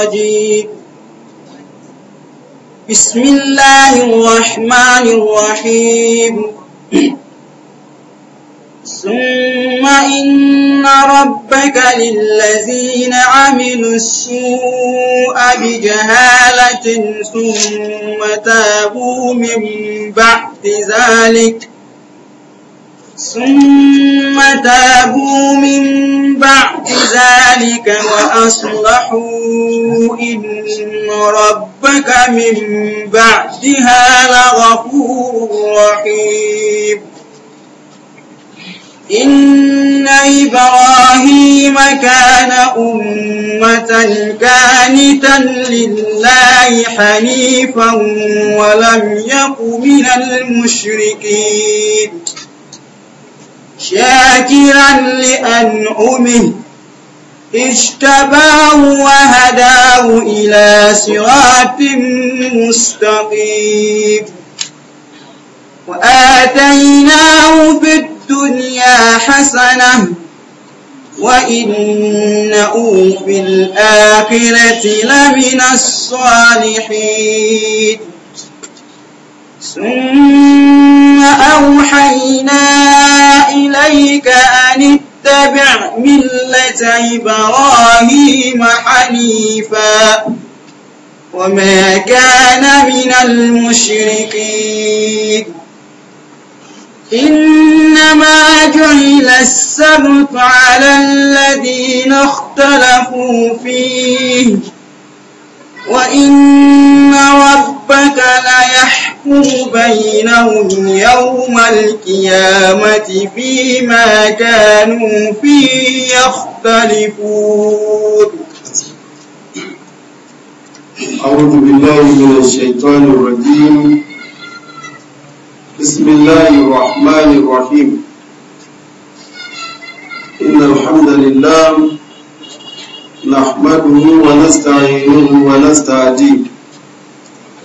الرجيم بسم الله الرحمن الرحيم ثم إن ربك للذين عملوا السوء بجهالة ثم تابوا من بعد ذلك ثم تابوا من بعد ذلك وأصلحوا إن ربك من بعدها لغفور رحيم إن إبراهيم كان أمة كانتا لله حنيفا ولم يق من المشركين شاكرا لأنعمه اجتباه وهداه إلى صراط مستقيم وآتيناه في الدنيا حسنة وإنه في الآخرة لمن الصالحين ثم أوحينا إليك أن اتبع ملة إبراهيم حنيفا وما كان من المشركين إنما جعل السبت على الذين اختلفوا فيه وإن ربك ربك ليحكم بينهم يوم القيامة فيما كانوا فيه يختلفون أعوذ بالله من الشيطان الرجيم بسم الله الرحمن الرحيم إن الحمد لله نحمده ونستعينه ونستهديه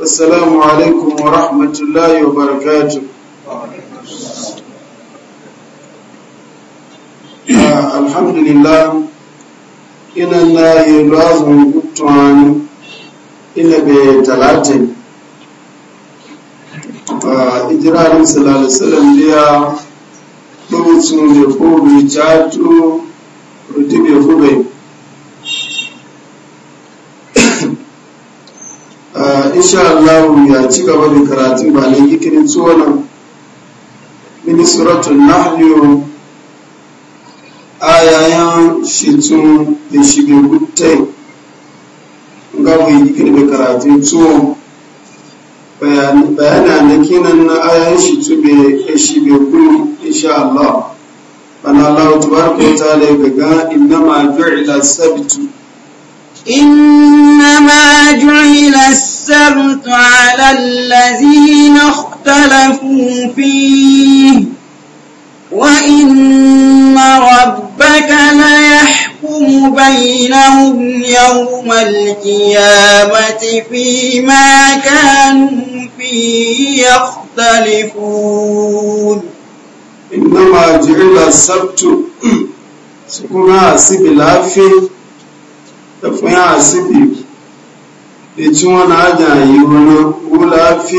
السلام عليكم ورحمة الله وبركاته الحمد لله إن الله يلازم قطعان إن بتلاتين إجرار صلى الله عليه وسلم ليا بمتون يقوم بجاتو ودب يقوم insha Allah ya ci gaba da karatun ba ne gikin tsohon mini suratul nahliyo ayayan shitun da shige guttai ga mu mai gikin da karatun tsohon bayana da kinan na ayayan shitun da e shige guttai insha Allah أن الله تبارك وتعالى يقول إنما جعل السبت إنما جعل السبت السبت على الذين اختلفوا فيه وإن ربك ليحكم بينهم يوم القيامة فيما كانوا فيه يختلفون إنما جعل السبت سكنا سبي العفي تفنيا سبي بيتي وانا اجا يونا ولا في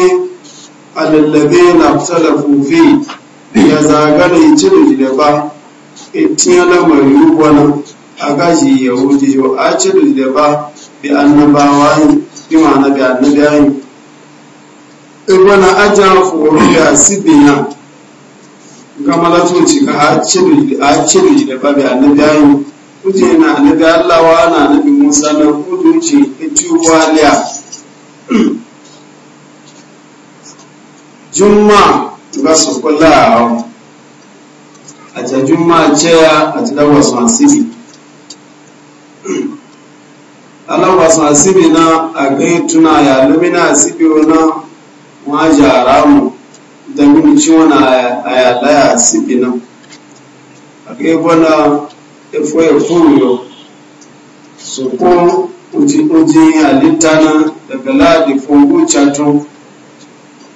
على الذين اختلفوا فيه ya zagara ice da ba na mai rubana a gashi yahudi yau a ce da jide ba bi annabawa yi bi ma'ana bi annabiya yi ibana aja foro ya sibiya gama ka a da ba kuje na annabi Allah wa na annabi Musa na kudunci ce ituwa liya juma ga su kula a ta juma ce a ta dawa su asibi Allah wa su asibi na a gai tuna ya lumina asibi na ma a mu da mini ciwon a yalaya asibi na a gai gwana efo efunyo so ko uji uji alitana daga ladi fungu chato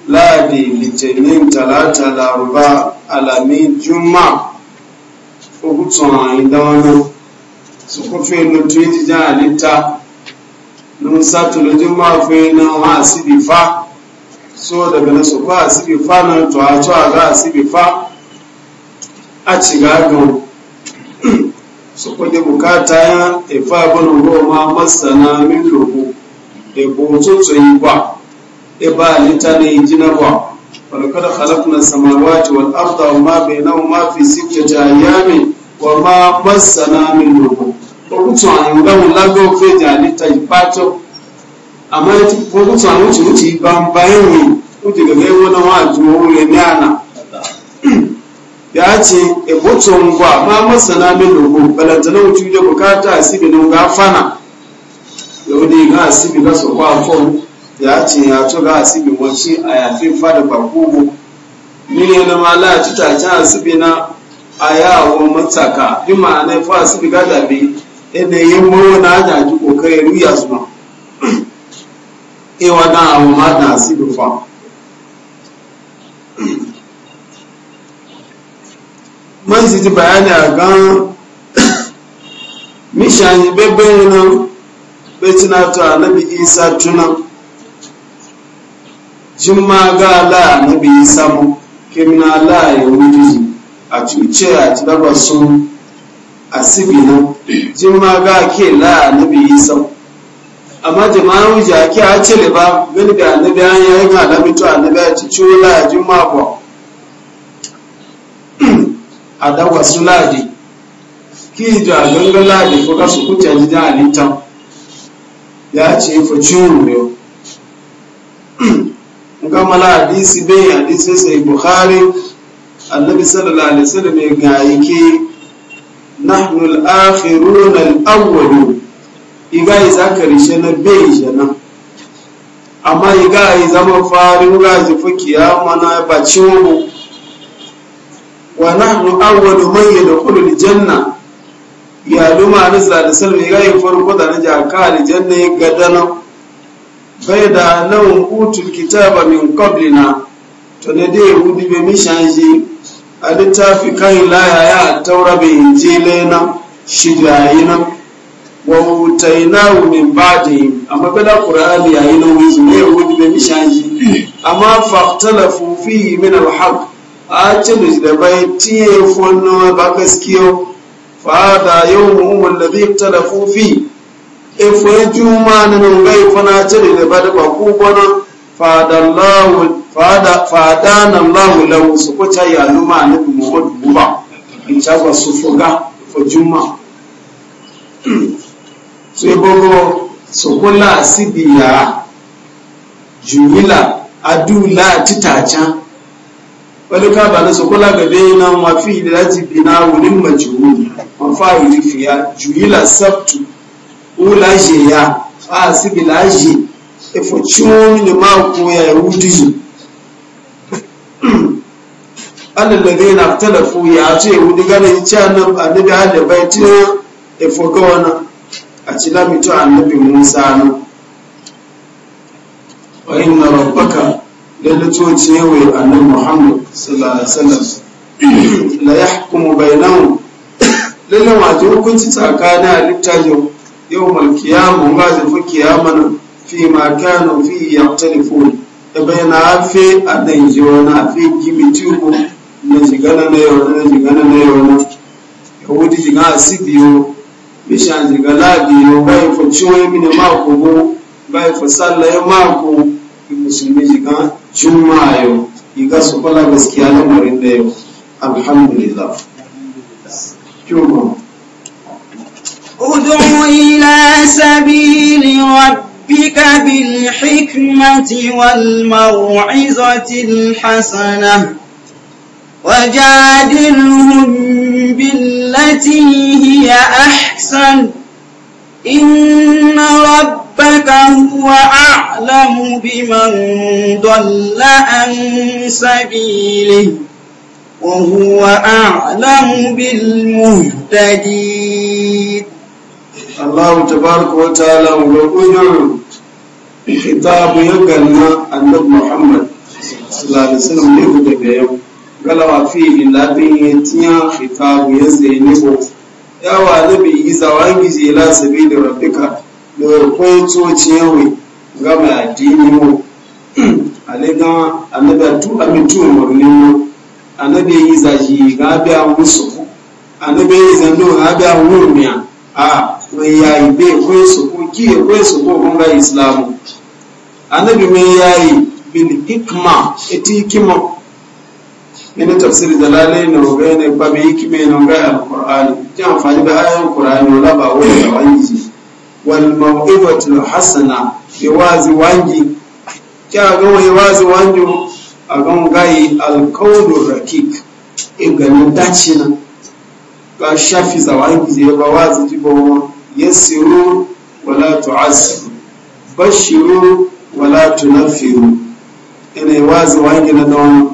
laadi, litinin talata laruba alamin juma ogutun idana dawana, soko fe lo tuji ja alita nun satulo juma fe na wa asibi fa so daga na soko ko asibi fa na to a to a ga asibi fa a ci gagan so kwade bukata ya efa abin roma masana min lobo ebo tsotso yi ba eba alita ne jina ba walakad khalaqna samawati wal arda wa ma bainahuma fi sittati ayamin wa ma masana min lobo okutu anyi nga mu lago feji alita ipato ama okutu anyi uchi uchi ibamba yi uchi gaga ewo na wa ajuwo ule nyana ya ce ebutun gwa ma masana min dogo na wuce da bukata asibi na ga fana yau ne ga asibi ga so kwa fon ya ce ya to ga asibi wace a yafi fada bakugo ni ne na mala ci ta ta asibi na a yawon mataka bi ma'ana fa asibi ga dabi ina yin mawa na jaji kokari ruya su ma ewa na abu ma na asibi fa man si ti bayani a gan mishani bebe nan betina to annabi isa tuna jimma ga la annabi isa mu kemina la ya wuri a cuce a ti daba sun asibi nan jimma ga ke la annabi isa amma jama'an wuce ake a cele ba gani da annabi an yayin annabi to annabi a ci ciwo la jimma ba Adawa su ladi ki da ganga ladi ko kasu kuta ji da alita ya ce fa ciwo yau ga mala hadisi bai hadisi sai bukhari annabi sallallahu alaihi wasallam ya ga yake nahnu al-akhirun al-awwalun yi za na bai jana amma iga zama farin gaji fa mana ba ciwo. wa nahnu awwalu man yadkhulu aljanna ya luma da salmi mai gayin farko da na jaka aljanna ya gadana bai da lawan utul kitaba min qablina to ne dai yahudi bai mishanji a littafi kan la ya taura bai injile na shidayina wa mutainahu min ba'di amma bala qur'ani yi na wizu ne be bai mishanji amma faqtalafu fihi min alhaq a cin da bai tiye fonno ba gaskiyo fa da yawmu alladhi talafu fi efo juma na nan gai fana cin da ba da ku gona fa da na fa da fa da nan Allah lahu su ko ta ya luma ne Muhammad buba in ta ba su fuga fo juma sai bogo su kula sibiya jumila adula titacan wani ka ba na sokola gabe na mafi da daji bina wurin majuhuri mafa'ili fiya juyila sabtu ulaje ya a sibilaje efo ciwon ne ma ko ya wuduji alalabe na talafu ya ce wudu gane ya ce annabi annabi hada bai ce efo gawana a ci lamito annabi musa nan wa inna لتوتي أن محمد صلى الله عليه وسلم لا يحكم بينهم lalle wato hukunci tsakanin halittajin yau ba zai fi kiyaman fi fi ya telefon da bai na a ɗan yi wani fi gibi na jigana na yau na jigana na yau na yahudi jiga a si biyo mishan biyo bai fa ciwo mini mako go bai fa sallaye mako musulmi jiga juma'a yau iga su kula gaskiya lamarin da yau alhamdulillah ادع إلى سبيل ربك بالحكمة والموعظة الحسنة وجادلهم بالتي هي أحسن إن ربك هو أعلم بمن ضل عن سبيله وهو أعلم بالمهتدين الله تبارك وتعالى ولقنا خطاب يقلنا النبي محمد صلى الله عليه وسلم ليه دقيقه قالوا فيه لا بين خطاب يزينه yawa ne bi yi zawangi je la sabi da rabbika da kwai tsocewe ga mai addini mu alega annabi atu amitu umarni mu annabi yi zaji ga biya musu annabi yi zanu ga biya wurmiya a mai yayi be kwai su ko ki kwai su ko kun ga islamu annabi mai yayi bin hikma eti hikma ina tafsiri dalali na ubene kwa biki bene nga alqur'ani ki amfani da ayoyin qur'ani wala ba wani da wangi wal mau'izatul hasana yawazi wangi ki ga wani wazi wangi a gan gai alqawlu rakik in ganin dace na ga shafi za wangi ya ba wazi jibo yasiru wala tu'assiru bashiru wala tunaffiru ina wazi wangi na da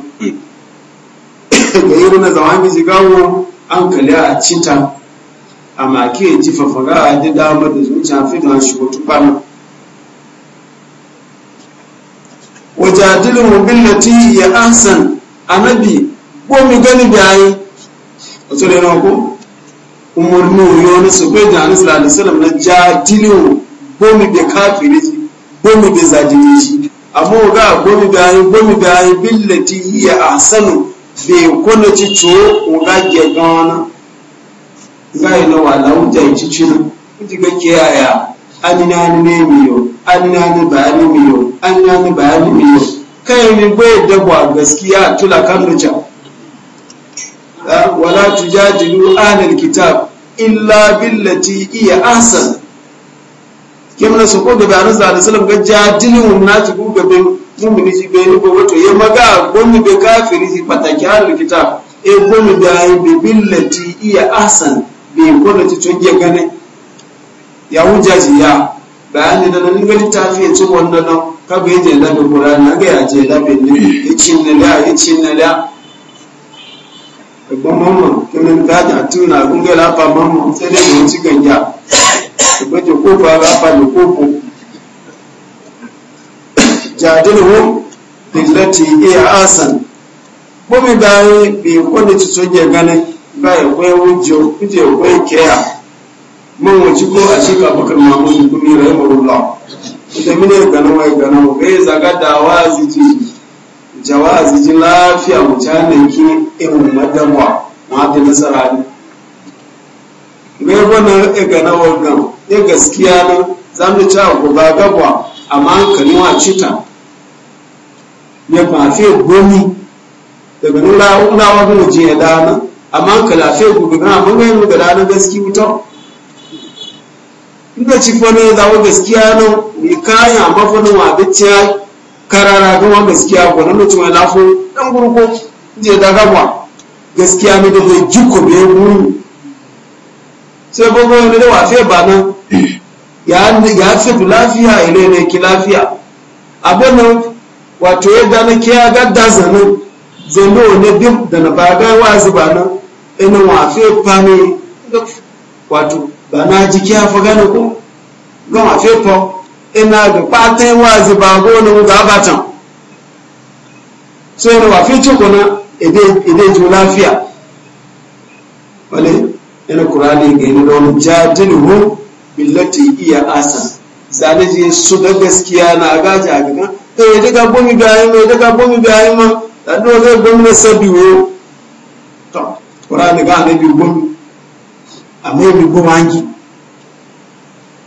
ga irin zama zawami zigawo an kale a cita a make ji fafaga a ji damar da zuciya fi na shi wata kwana wajadilin mobility ya ansan anabi ko mi gani bayi wato da yana ko umarni yau na su kai da sallallahu alaihi wasallam na jadilin ko mi bai kafiri ko mi bai zajiri shi amma ga ko mi bayi ko mi bayi billati hiya ahsanu bai kuna ci ciwo ko gage gawana zai na ci an na ni ne miyo an na ni ba ni miyo an na ni ba ni miyo kai ni bai dabwa gaskiya tula kan ruca wala tujadilu ahlul kitab illa billati iya ahsan sọ fún ko ga bayanan sallallahu alaihi wasallam ga jadilun nati ku mumini ji be ni gogo to ye maga gomi be kafiri ji pataki hal kitab e gomi be ay be billati iya ahsan be gono ti tonje gane ya wujaji ya bayani da nan ga littafi ya ci wannan e ka yaje da ga ya je da ni na da babban sai da ci ganja ba jadilhum billati iya asan bomi bayi bi kwanda ci soje gane bayi kwai wujo kuje kwai keya mun wuci ko a shiga bakar mamun kuni rahimahullah ita mine gana wai gana be bai zaga dawa ziji jawazi ji lafiya mutane ki in madamwa ma da nasara ne bai wannan ya gana wa gan gaskiya ne zamu ta ko a gaba amma hankali cita ne ba fe gomi daga nuna nuna wani waje ya dana amma ka lafe gudu na mun ga yin gada na gaski wuta inda ci fa ne za wa gaskiya no ni kaya amma fa no wa bicciya karara ga wa gaskiya ko nan mutum ya lafo dan gurko je da gaba gaskiya ne da zai jiko be guru sai gogo ne da wa ba nan ya ya fi lafiya ile ne ki lafiya abin nan wato yadda na kiya gadda zanen zano ne bim da na baga wazi ba nan ina wafe ne wato ba na ji kiya fa gane ko ga wafe fa ina da fatan wazi ba gona ga batan so ina wafe ci kuna ide ji lafiya wale ina kurani ga ina da wani jadilu billati iya asan zane ji su da gaskiya na gaji a gaban ee eh, ka bomi bi ayi ma ka bomi bi ayi ma da dɔw bɛ bomi ne sɛ bi wo tɔ kora ne ka ne bi bomi amu mi bomi anji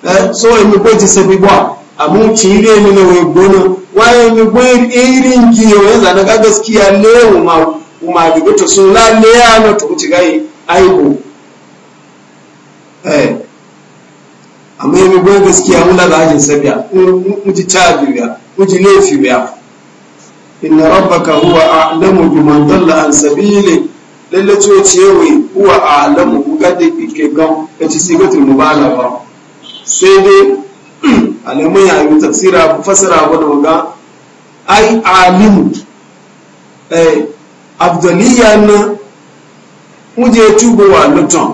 ɛ so emi ko ti sɛ bi a amu tsi de mi ne wo gbona waye mi bo eri nji o yɛ zana ka gaskiya le o ma o ma dogo to so la le a na to ti ka yi ayi bo ɛ amu emi bo gaskiya mu na ka aji sɛ bi a mu ti ca bi wuji laifi biya inna rabbaka huwa a'lamu biman dalla an sabili lalle to cewe huwa a'lamu ga da kike gan ka ci sigatul ba sai dai alamun ya yi tafsira fasara ba da ga ai alimu eh abdaliya na wuje tubo wa luton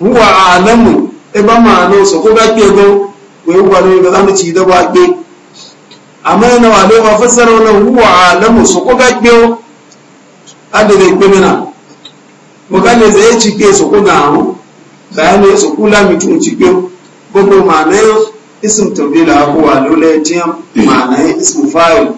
huwa a'lamu e ba ma no so ko ga ke gan koyi yi gwano ga zamu ci da baƙi amma yana wa lewa fassara wannan huwa alamu su ko gaƙe adada gbemina mugane zai ci ke su ko gawo bayanai su kula mutum ci ke gbogbo ma'anayin isim tambila abuwa ya tiyan ma'anayin isim fayil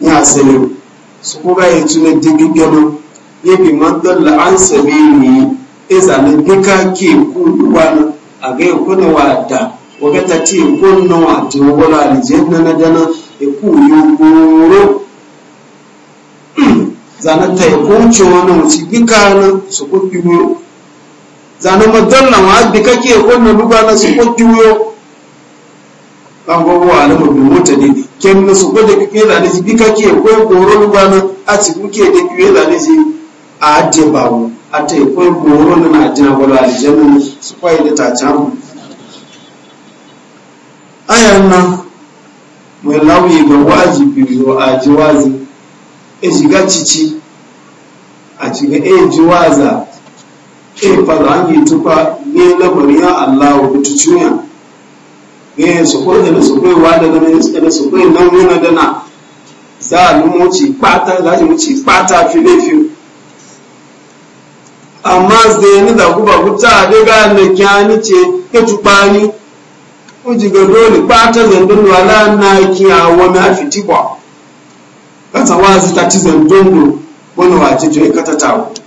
ya asali su ko gaye tuna digi gano yabi man dalla an sabili izalin e duka ke kuduwa a gaya kuna wa da Wakati ti gonna wa ti wala aljanna na dana e ku yo goro zana ta e kunce wani wuci bika na su ku kiwo zana madalla wa bi kake gonna duba na su ku kiwo kan gogo alama bi mota ne kem na su gode kike da ne bi kake ko goro duba na a ci kuke da kiwo da ne a ade bawo a ta e ko goro na na ajina wala aljanna su kwai da ta camu ayan nan mai lauyi ga wajibi zo a ji wazi e shiga cici a ciga e e fara an yi tufa ne lamarin ya Allah wa kutu cuya ne su kwai da su kwai nan nuna dana za a nuna wuce kpata fiye amma zai ni da guba guta daga na kyani ce ya tupa ni ga dole bata zandun wala na kiyawa na afi kwa kasa wazi tatizo ndondo wani wa jijo ikata Tati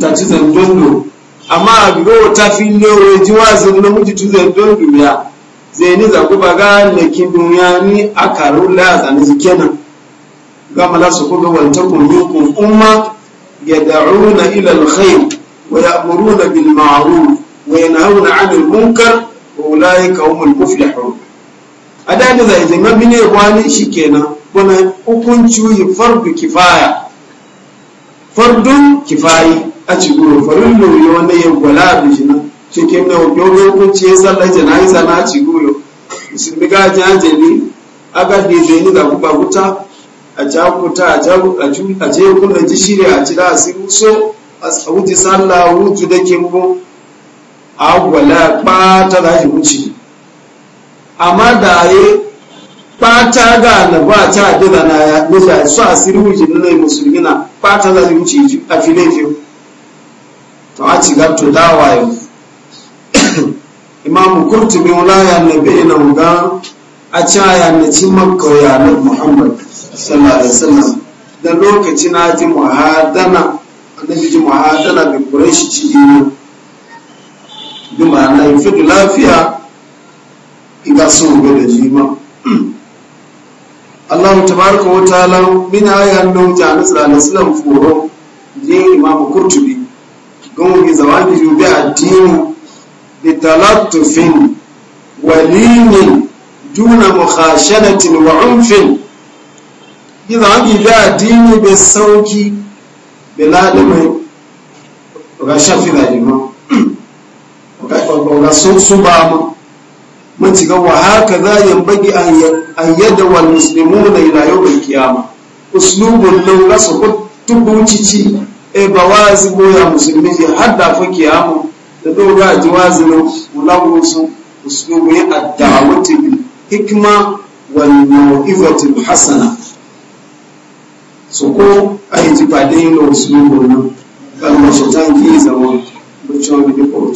tatizo ndondo amma bigo ta finne waji wazi na muji tuzo ndondo ya zeni za kuba ga ne ki dunyani akarula za ni kenan gama la su kuga wal takum yukum umma yad'una ila al khair wa ya'muruna bil ma'ruf wa yanhauna 'anil munkar wa ulaika humul muflihun adadi za izinga bine kwani shikenan kuma hukunci yi fardu kifaya fardun kifayi a ciguro farin lori wanda ya gwala a bishina cikin da yau hukunci ya sallar jana'iza na sun musulmi gajin ajali aka dede ni da kuka kuta a jakuta a je kuna ji shirya a cira a sai wuso a wuce sallah wuce da ke agwala kpata da ji wuce amma da yi kpata ga ba ta da na ya sai su asiri wuce na lai musulmi na kpata da ji wuce a file fiyo to a ci to dawa yau imam mai wala ya bai na wuga a ci ya na ci makka ya na muhammad sallallahu alaihi wasallam da lokacin na ji muhadana annabi ji muhadana bi quraish ci bi na ya fi lafiya iga sun ga da jima Allahu tabaraka wa ta'ala min ayan nan ta nasra al-islam furo je imam kurtubi gon bi zawadi ju bi addini bi talattufin walinin duna mukhashanatin wa unfin bi zawadi bi addini bi sauki bi ladamai rashafi shafi ladimai ga su ba mu mun ci ga haka za yan bagi an yadda wal muslimu na ila yau bai kiyama uslubun lau na su tubucici e ba wa wazi goya musulmi ya hadda fa kiyama da doga ji wazi na wulawu su uslubu ya addawati bil hikma wal mau'izati al hasana so ko ayi ji fadin uslubu nan kalmar shaitan ki zama mutuwa da ko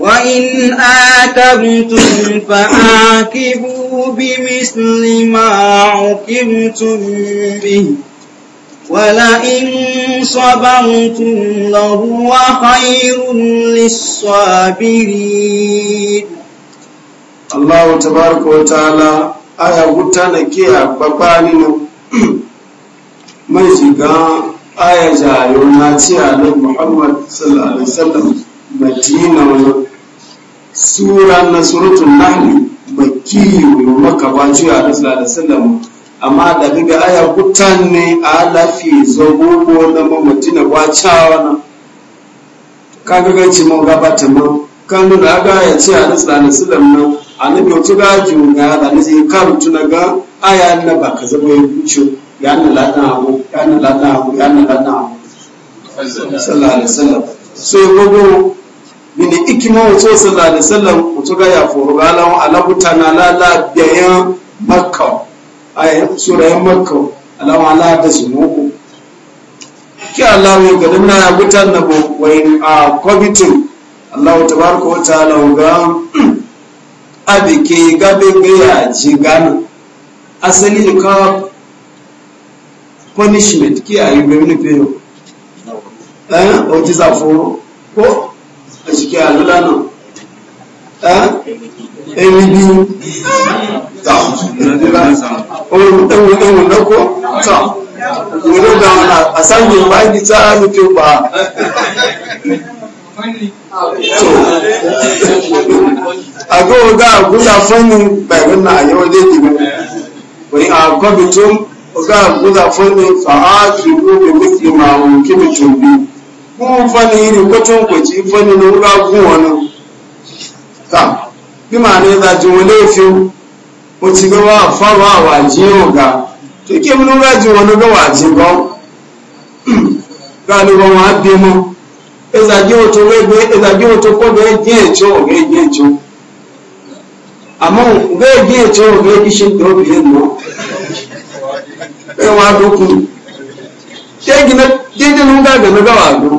وإن آتمتم فآكبوا بمثل ما عكبتم به ولئن صبرتم لهو خير للصابرين الله تبارك وتعالى aya wuta na ke a babbani nan mai shiga aya jayo na ce a nan muhammad sallallahu madina sura na suratul nahl makki yo maka ba ju ya rasulullah sallallahu amma da daga aya kutan ne a lafi zobo ko na mamatina ba na kaga ga ci mun gabata mun kan da ga ya ce a rasulullah sallallahu nan annabi wato ga ga da ne kan tuna ga aya na ba ka zama ya kuce ya abu ya na abu ya na abu mini ikima wato sallallahu alaihi wasallam wato ga ya foro ga lawo alabuta la lala biyan makka ay sura ya makka alawa ala da su ki Allah ya gadan na ya butan na bokwai a kobitin Allah tabaraka wa ta'ala ga abike gabe gaya jigana asali ka punishment ki ayi be ni pe eh o ti sa foro ko jike alula na ẹni bí ẹwùn lọ́kọ́ tọ́ ìwúrò dáwọn àsáyé wáyé bí tá a lókè pa agogo agogo fọ́nù pẹ̀lú náà yọ lédìí wọ́n àgọ́bìtún ọgá agogo fọ́nù fàákì ló bẹ̀rẹ̀ fi máa wọ́n kí mi mfani iri kwacin kwaci fani na wula wọn wani ta bí màá ní ìdájọ́ wọlé mo ti gbé wá fáwọn àwàjí ọ̀gá tó kí èmi lóra jù wọn lọ́wọ́ àwàjí wọn wọn bí mọ́ ìdájọ́ ìdájọ́ ẹ̀jọ́ ẹ̀jọ́ àmọ́ ẹ̀jọ́ ṣe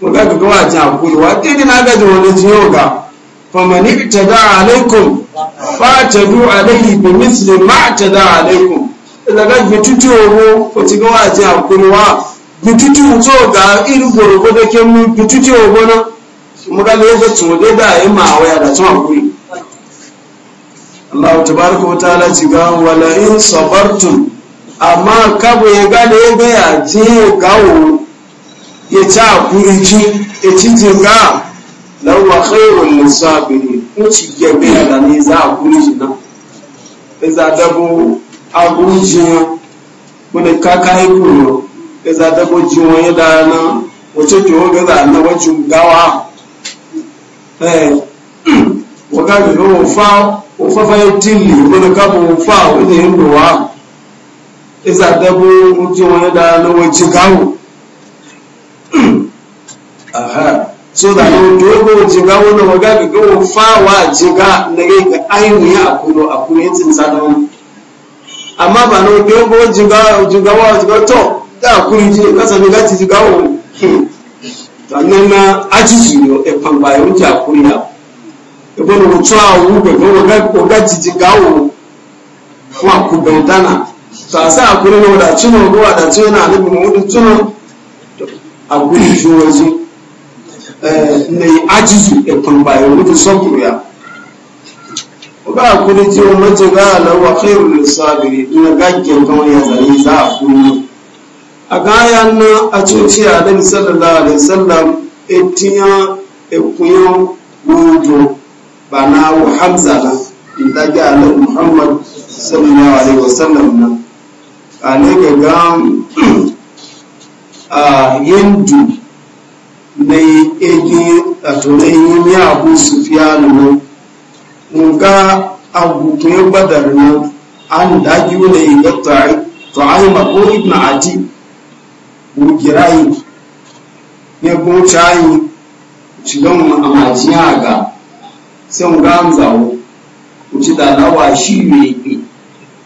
muka ga gawa ta hakuri wa dai na ga wani jiyo ga famani tada alaikum fa tadu alaihi bi misli ma tada alaikum daga bitutu ogo ko ti gawa ta hakuri wa bitutu to ga iru gorogo da ke mu bitutu ogo na muka ga yadda tun da da yi ma waya da tun hakuri Allah tabaraka wa ta'ala ci ga wala in sabartum amma kabo ya ga da ya ga ya ya ci a kurici ya ci jirga lawa khairun musabiri kuci gebe da ne za a kurici iza dabo a kurici wani kaka haikuru iza dabo jiwon ya da nan wace ke waga da na wacin gawa waga wofa, ga wafa wafa fayin tilli wani kaba wafa wani yin ruwa iza dabo jiwon ya da na wacin gawo aha so da no dogo jiga wona waga ga go fa wa jiga na ga ga ayu ya akuno akuno yin tsadan amma ba no dogo jiga jiga wa jiga to da akuri ji ka sa ga ti jiga wo sannan na ajiji yo e pamba yo ti akuri ya e bo no tso awu ga go ga ga ti jiga wo wa ku be dana sa sa akuri no da chino go da chino na ni mu mudu chino akuri jo wazi mai eh, ajizu e kwambayo nufi e sokuru ya ba kuli da wa mace ga lawa khairu lil sabiri duna gaggen kawai ya zai za a kuni a gaya na a coci a dan sallallahu alaihi wasallam etinya ekuyo wujo ba bana wa hamza na inda ga Allah Muhammad sallallahu alaihi wasallam na Ane ga ga a yindu na ege a tunanin yi abu su fiya nan nga abubuwan ya badar nan an dagi wani ga ta'ai mako ibn adi wugirayi ne kuma cayi shigan amajiya ga sai ga an zawo wuce da lawa shi mai ikpe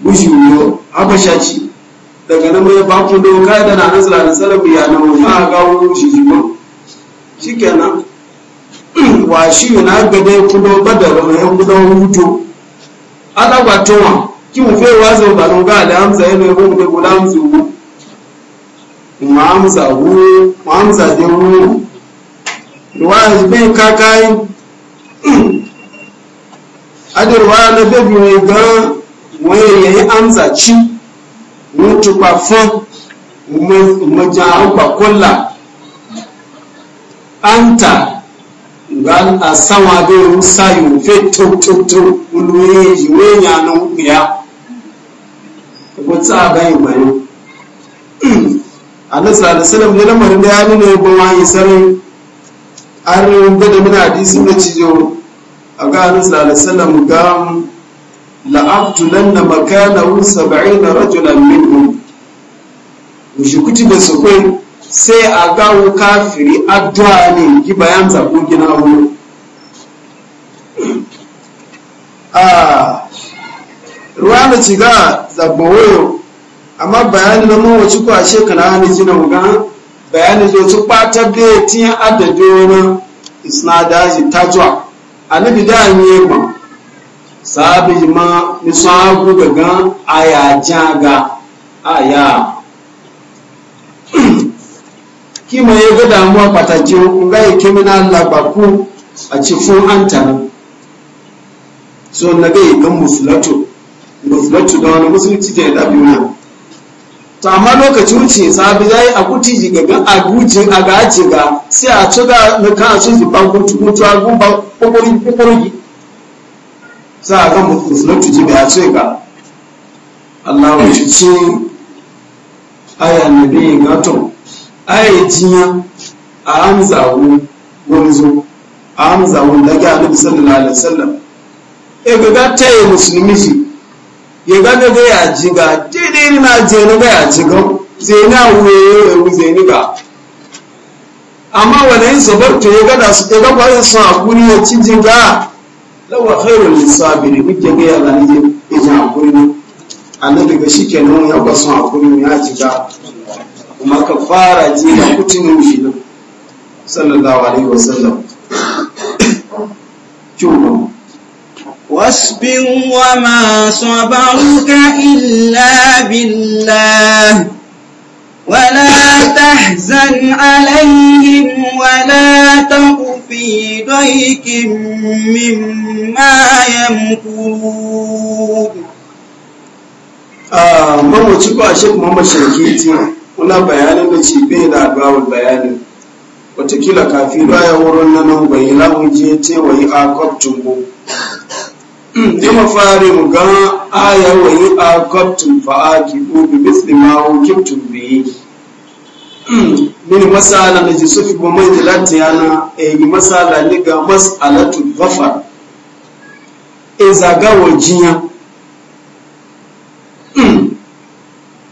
gushi wuyo habasha ce daga nan mai bakun doka da na nasarar salabu ya nan ma ga wuce jiman shikenan washi na gade kudo badar na yan kudo hutu alagbatowa kí wọ́n fẹ́ wá sọ bàlúgà àdáhàmsà ẹnu ẹgbẹ́ òun gbogbo láàmsà owó ìmọ̀hámsà owó mọ̀hámsà jẹ́ owó ìwà ìgbẹ́ kákáí adèrèwà lẹ́gbẹ̀bìnrin gan wọ́n èèyàn ámsà chi wọ́n tupa fún ìmọ̀jà àpàkọ́là anta ngal a sama be sayu fe tok tok tok ulwe jiwe ya ya ko tsa ba yi bayo Allah sallallahu alaihi wasallam ne lamarin da ya nuna ko yi sarai an da mina hadisi na cijo a ga Allah sallallahu alaihi wasallam ga la'abtulanna makanahu 70 rajulan minhum kuti da su kai sai a ga kafiri addu'a ne ki bayan zaɓo gina wuri a ah, ruwa da ci ga amma bayani na mawaci ko a shekara hannun gina wuga bayani zo ci kwatar da ya tiya adadi wani isnadaji tajwa anabi da an yi ma sabi ma misagu daga ayajaga aya kima ya ga damuwa pàtàkì ogun gáyé kímínà lagbàkú àti fún àǹtàrà so na gáyé gan musulatu musulatu da wani musulunci da ya dabi wuna to amma lokaci wuce sabi zai a kuti ji gagan a gujin a gaji ga sai a ci ga na kan a sun ban kuti kuti a gumba kokorin kokorin sai a ga musulatu ji ga a ce ga Allah wa shi ci aya nabi gaton aye jinya a amzawo wanzo a amzawo lagi annabi sallallahu alaihi wasallam e ga ga ta yi musulmi shi ya ga ga ga ya ji ga daidai ni na je na ga ya ji ga zai na wuye ya wu zai ni ga amma wani yin to ya ga da su ya ga ba su hakuri ya ci jin ga lawa khairul sabiri muke ga ya zani je ya ji hakuri ne annabi ga shi kenan ya ba su hakuri ya ji ga kuma ka fara ji da kutumin shi nan sallallahu alaihi wa sallam kyuma wasbin wa ma sabaruka illa billah ولا تحزن عليهم ولا تق في ضيك مما يمكرون آه ما هو شيخ محمد شركي تي muna bayanin da ce bai da bayani bayanin watakila kafi baya wurin nan bai lamun je ce wa yi ko ne mafari mu ga aya wa yi a fa'aki ko bi misli ma hukimtun bi min masala da ji sufi ba mai jilata yana e yi masala ni ga masalatu gafar e zagawa jiya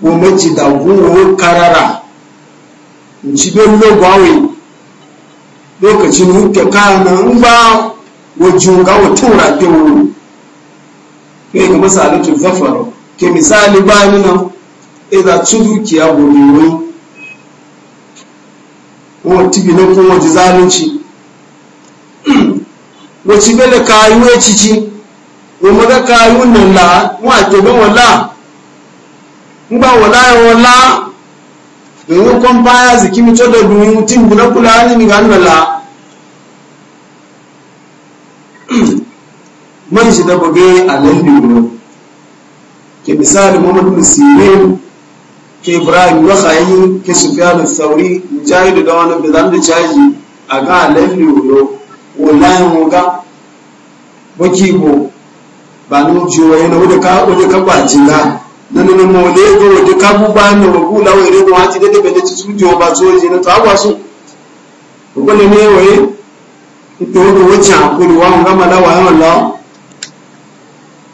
wo meji da wo karara nci be logo awe lokacin hukke kana in ba wo junga wo tura ke wo kai ga misalin zafaro ke misali ba ni nan idza e tudukiya wo ni wo wo tibi na ko wo zalunci wo ci bele kayu e cici wo mo da kayu nan la wa ke ga wala ngba wala wala nyu kon baya ziki mi todo du nyu tim kula ni mi ganna la man ji da bage alalbi ne ke misali Muhammad du Sirin ke Ibrahim Rakhayi ke Sufyan al-Thawri mujahid da wani bidan da caji a ga alalbi ne wala mu ga wakibo ba ni mu jiwa yana wadda ka wadda ka ba jinga nanu na mole go de kabu ba na go la we re go ati de de ba zo je ne we wa nga ma la wa ha la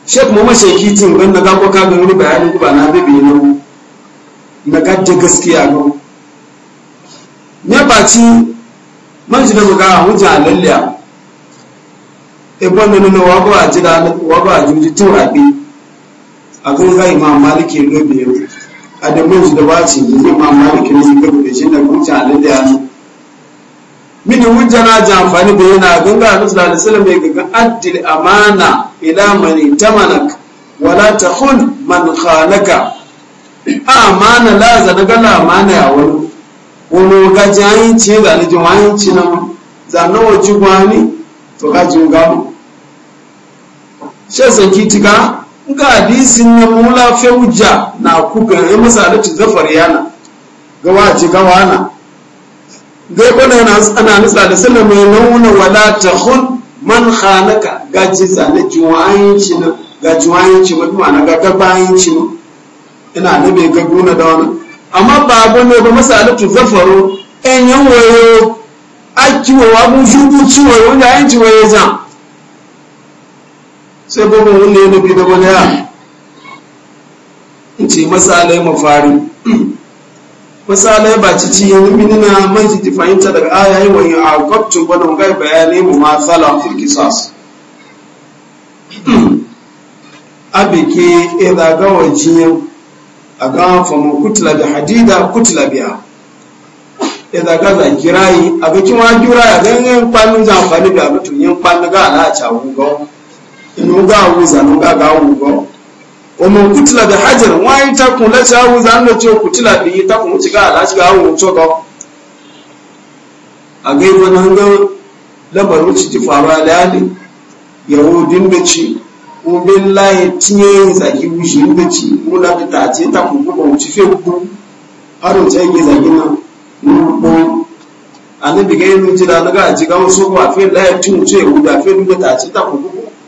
shek mu ma sheki tin ban na ga ko ka ga ni bayani ku ba na be be no na ga de gaskiya go ne ba ci man ji da ga hu ja e bon nanu wa ba da wa ba tun a kan ga imam maliki lobe yau a da mun da wace da zai imam maliki ne ga bude shi da kuce alin da yanu min wujjana ji amfani da yana ganga a nasu lalisala mai gaga addil amana ila mani tamanak wala ta hun man khanaka amana la zana gala amana ya wani wani gaji an ce da alijin wani ci na zanen wajen gwani to gaji gamu shesan kitika ga hadisin na mula fewuja na ku ga ya masa da zafar yana ga waje ga wana ga kwana yana ana nisa da sallah mai nauna wala ta hun man khanaka ga ji zane jiwayanci na ga jiwayanci wani na ga gabayanci na ina na bai ga gona da wani amma ba abu ne ba masa da tuzafaro en yan wayo akiwa wa mun shugu ciwo wanda yanci ya zan sai gobe wanda ya nufi da wani ya ce masalai mafari masalai ba ci yanzu nufi nuna manji ti fahimta daga ayayi wani a kwabtu wani gai bayanai mu ma tsala firki sas abike ya zagawa jiyan a gawa fama kutula da hadida kutula biya ya zaga za kirayi a bikin wa kirayi a ganin kwanin zamfani da mutum yin kwanin ga ala a cagu gawa inu ga wuza nu ga ga wugo o mu kutila da hajar wai ta kun la cha wuza nu ce kutila bi ta kun ci ga ala ci ga wu to ga a ga ibo nan ga labaru ci ti fara da ali yahudin da ci ko billahi tiye zaki shi da ci mu la ta ce ta kun ko ci fe ku har ta yi zaki na mu ko anabi ga yin jira daga a jigan su ba fe la ya tun ce da fe duka ta ce ta kun ko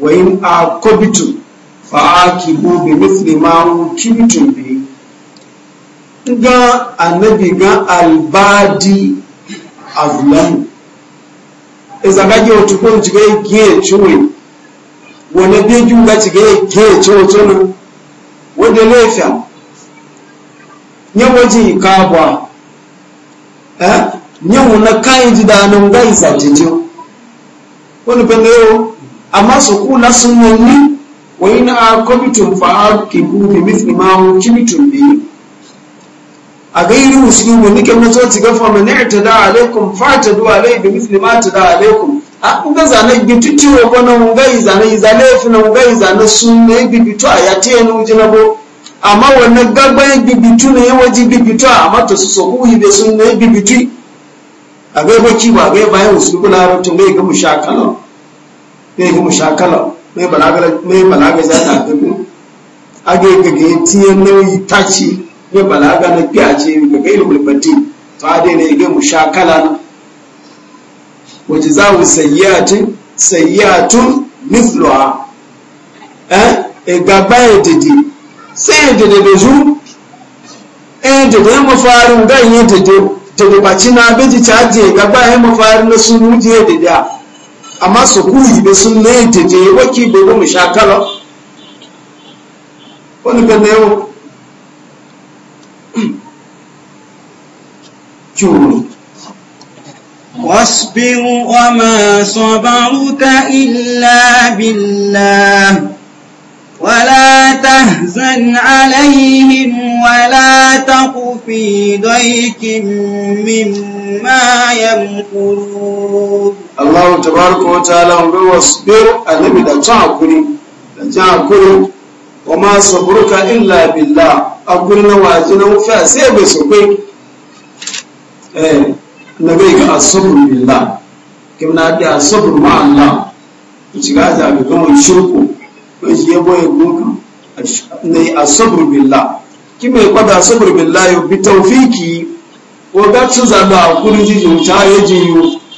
wa in aqabtum fa aqibu bi mithli ma uqibtum bi ga annabi ga albadi azlam ezagaje otukun jige gie chuwe wona beju ga jige gie chuwe chono wode lefa nyawoji kabwa eh nyawo na kaiji da nan amma su kula yanni wa na aqabtum fa aqibu bi mithli ma uqibtum bi a gairi musulmi nike mazo ti gafa ta da alaikum fa tadu alai bi mithli ma tada alaikum a kuga zane gituti wa bana ngai zane na fina ngai zane ne bi bitu ayate ne na bo amma wannan gagban bibitu ne waje bibitu amma to su soku yi bi bi bibitu a gaiba ki ba gaiba yayin musulmi na rabtun gai sha mushakalan mai gumu shakala mai balaga za ta gabi ga gage tiye nauyi taci mai balaga na fiya ce ga gairu mulbati to ade ne ga mu shakala na wace za mu sayyatin sayyatun mithluha eh e ya dede sai ya dede da zu eh dede ya mafarin gan ya dede dede baci na beji caje gaba ya mafarin na su muje a amma sukuri da sun na yin je waki da goma sha tara wani ganda yau kyuru واصبر وما صبرك إلا بالله ولا تهزن عليهم ولا تق في ضيق مما يمكرون Allah tabaraka wa ta'ala ga wasbir annabi da ta hakuri da ta hakuri wa ma sabruka illa billah akuri na waje na wufa sai bai su kai eh na bai ga asabru billah kim na da asabru ma Allah ku shiga ta ga kuma shirku ko shi yabo ya gunka ne asabru billah kime kwada asabru billah bi tawfiki Ko ga tsu zaba akuri ji ta yaji yu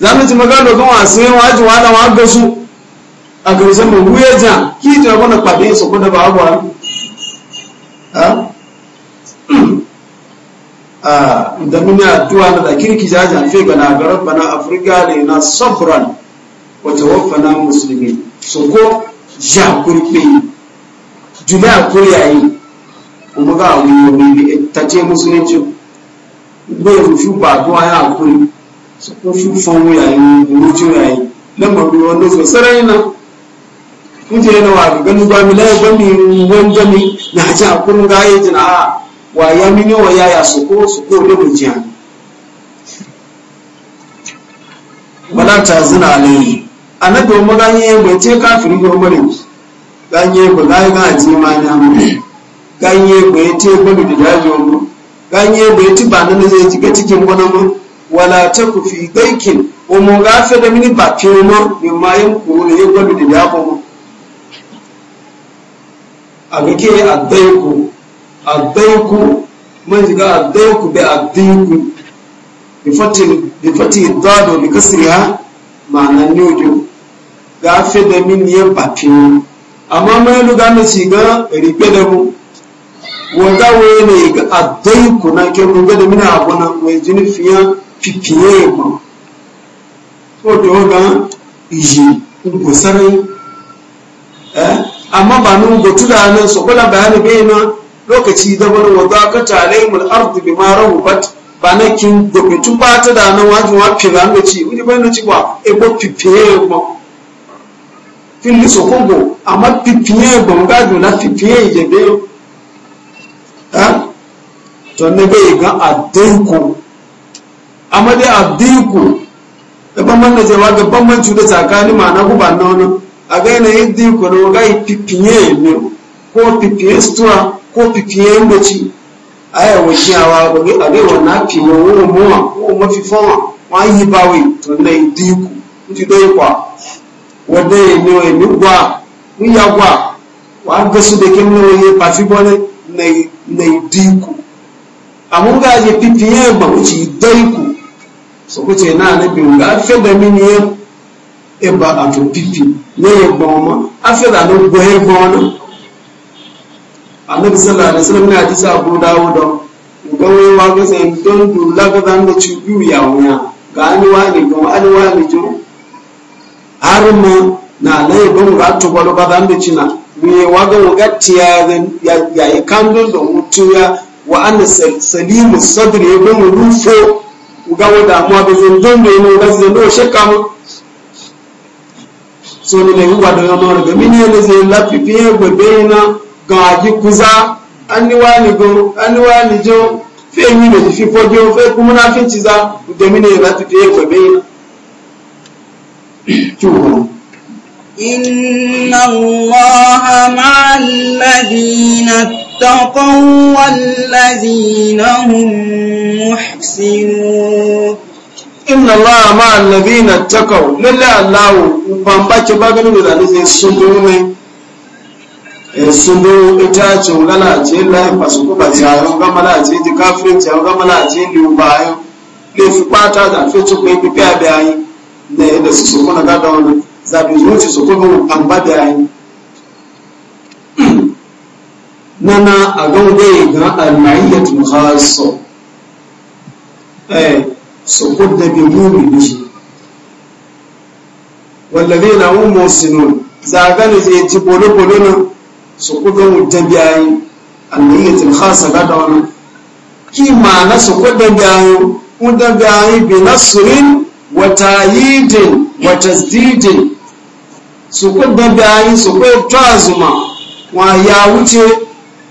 za mu ci magana kan wasu yin waji wada wa ga a karshen mu buye ja ki ta wani kwaɗe su ko da ba ba a da mun ya tuwa na da kirki jajan fe ga na garar bana afirka ne na sabran wata wafana musulmi so ko ja kurpe juma kuryayi kuma ga wani wani ta ce musulunci bai rufi ba duwa ya kuri fífún yàyí olójú yàyí lẹ́mọ̀bí wọn ló fẹ̀sẹ̀rẹ̀ yìí náà kújẹ́ yẹn wà gani gbami láyé gbami wọn gbami náà jẹ́ àkúrú gáyé jìnà àá wà yá mi ní wọ̀ yáyà sòkó sòkó olóko jìyà bala ta zina alayhi anabi wa maganye bai ce kafin ga umarin ganye ba ganye ga ji ma na ganye ba ya ce gbami da jaji wani ganye ba ya ci ba na zai ci cikin wani mu wala taku fi daikin o mo gafe da mini ba kino ni ma yin kuro ne yin gwado da ya bo a muke addaiku addaiku man shiga addaiku bi addaiku bi fatin bi fatin dado bi kasriha ma'ana ne ojo gafe da mini yin ba kino amma mai luga na shiga rike da mu wanda wani ne ga addaiku na ke mun ga da mini abu na mai jini fiyan pípìé mọ̀ ó dọ̀ọ́ gan ìyì nkò sáré ẹ́ amma ba nun ga tunanin su kula bayani bai na lokaci da wani wata ka tare mu ardu bi ma rahubat ba na kin gobe tun ba ta da nan wajin wa fira ga ci wani bai na ci ba e ko ma mo fili so kongo amma pipiye n mu ga na pipiye je be ha to ne bai ga adinku amma dai abdiku da bamban da cewa ga bambanci da tsakanin ma'ana guba na wani a ga yanayin diku na ga yi pipiye ne ko pipiye sutura ko pipiye mace a yi wakiyawa a ga yi na fiye wani muwa ko mafi fama ma yi bawai to na yi diku nti dai kwa wadda ya ne wa ni gwa ni ya gwa wa ga su da kin ne ya pafi bone na yi diku amma ga yi pipiye ba wuce dai ku so ko ce na nabi nga afe da mini ye e ba ato pipi ne ye gbɔn ma afe da no gbɔ ye gbɔn na anabi sallallahu alaihi wasallam ne hadisi abu dawud nga wo wa ko sai don du lagada no ci biu ya wuya ga ani wa ni gbɔn ani wa ni jo har ma na ye gbɔn ga to ba ba da no ci na ni wa ga wo ga tiya ya ya kan do mutuya wa an salimu sadri ya gbɔn rufo gawo damuwa da zondon da yana ga zondon shakka mu so ne lai wa da ma daga mini ne zai lafifi ya gobe na gaji kuza an ni wani go an ni wani jo fe mi ne fi fojo fe kuma na fi ciza da mini lafifi ya e gobe na kiwo إن الله مع الذين اتقوا والذين هم محسنون inna allaha ma allazina takaw lalla allahu bamba ke ba ganin da ne sundu ne e ita ce ngala ce la su ko ba ta yo gamala ce ji kafirin ce gamala ce ba yo da da da da Za zaɓi zuci su kuma an ba da yi nana a gan dai ga almahiyyat muhasso eh su kudda bi mumi da shi wallabe na Za sinun zagani zai ci bolo-bolo na su kudda mutan biyayi almahiyyat muhasso ga da wani ki ma na su kudda biyayi kudda biyayi bi nasirin wata yidin wata zidin sòkò gbọ́ngbẹ́ ayé sòkò tó àzùmọ̀ wọn àyà awúche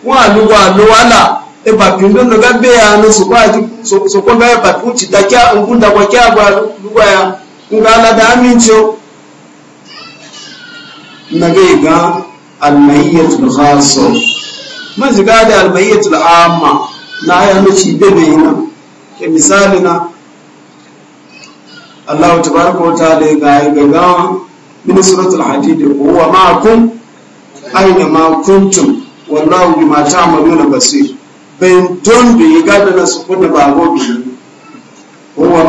wọn àlùwà àlùwàlà ẹbàpì ńlọ́nà gábẹ́ àánú sòkò gbẹ́ ẹbàpì ń ti dákẹ́ ń dàgbà kí àgbà lùgbà ya ńgbà aládà ámì ń tíó. nàgẹ́ ìgbà almahiyyar tulhaso mazika da almahiyyar tulhama na aya nuci bebe yana ke misali na Allah ta wa ta'ala ga gawa min suratul hadid huwa ma'akum aina ma kuntum wallahu bima ta'maluna basir ben don ya gada na su ba gobe huwa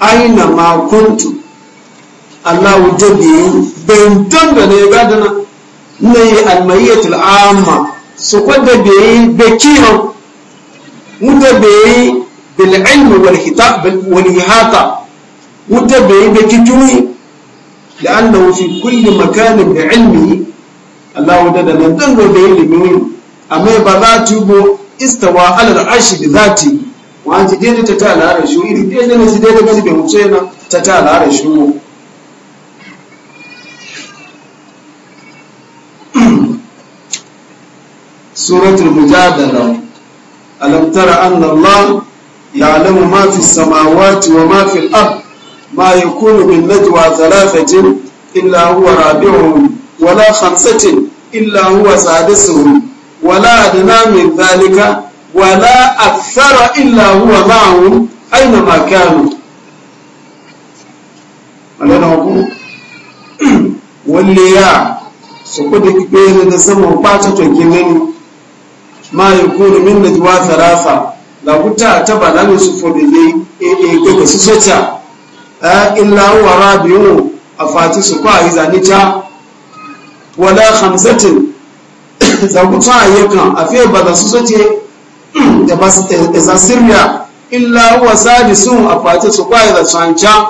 aina ma kuntum Allahu tabi ben don da ya gada na ne almayiyatul amma su kwada bai bekiyo muda bai bil ilmi wal hitab wal ihata muda bai bekijuni لأنه في كل مكان بعلمه الله ودد أن تنظر بعلمه أما بذاته استوى على العرش بذاته وأنت جيد تتعالى على شو إذا دين نزيدين بس بمسينا تتعالى على شو سورة المجادلة ألم تر أن الله يعلم ما في السماوات وما في الأرض ما يكون بالنجوى ثلاثة إلا هو رابعهم ولا خمسة إلا هو سادسهم ولا أدنى من ذلك ولا أكثر إلا هو معهم أينما كانوا wanda ya su kudu kibere da saman ɓata toki mini ma yi kuri min da juwa tarafa da wuta ta su fobi ne e gaga su Eh, illa huwa rabi'u afati su kwa iza ta. wala khamsatin za ku ta yakan afi ba da su sote da ba su eh, eh, za sirriya illa huwa sadisun afati su kwa iza sanca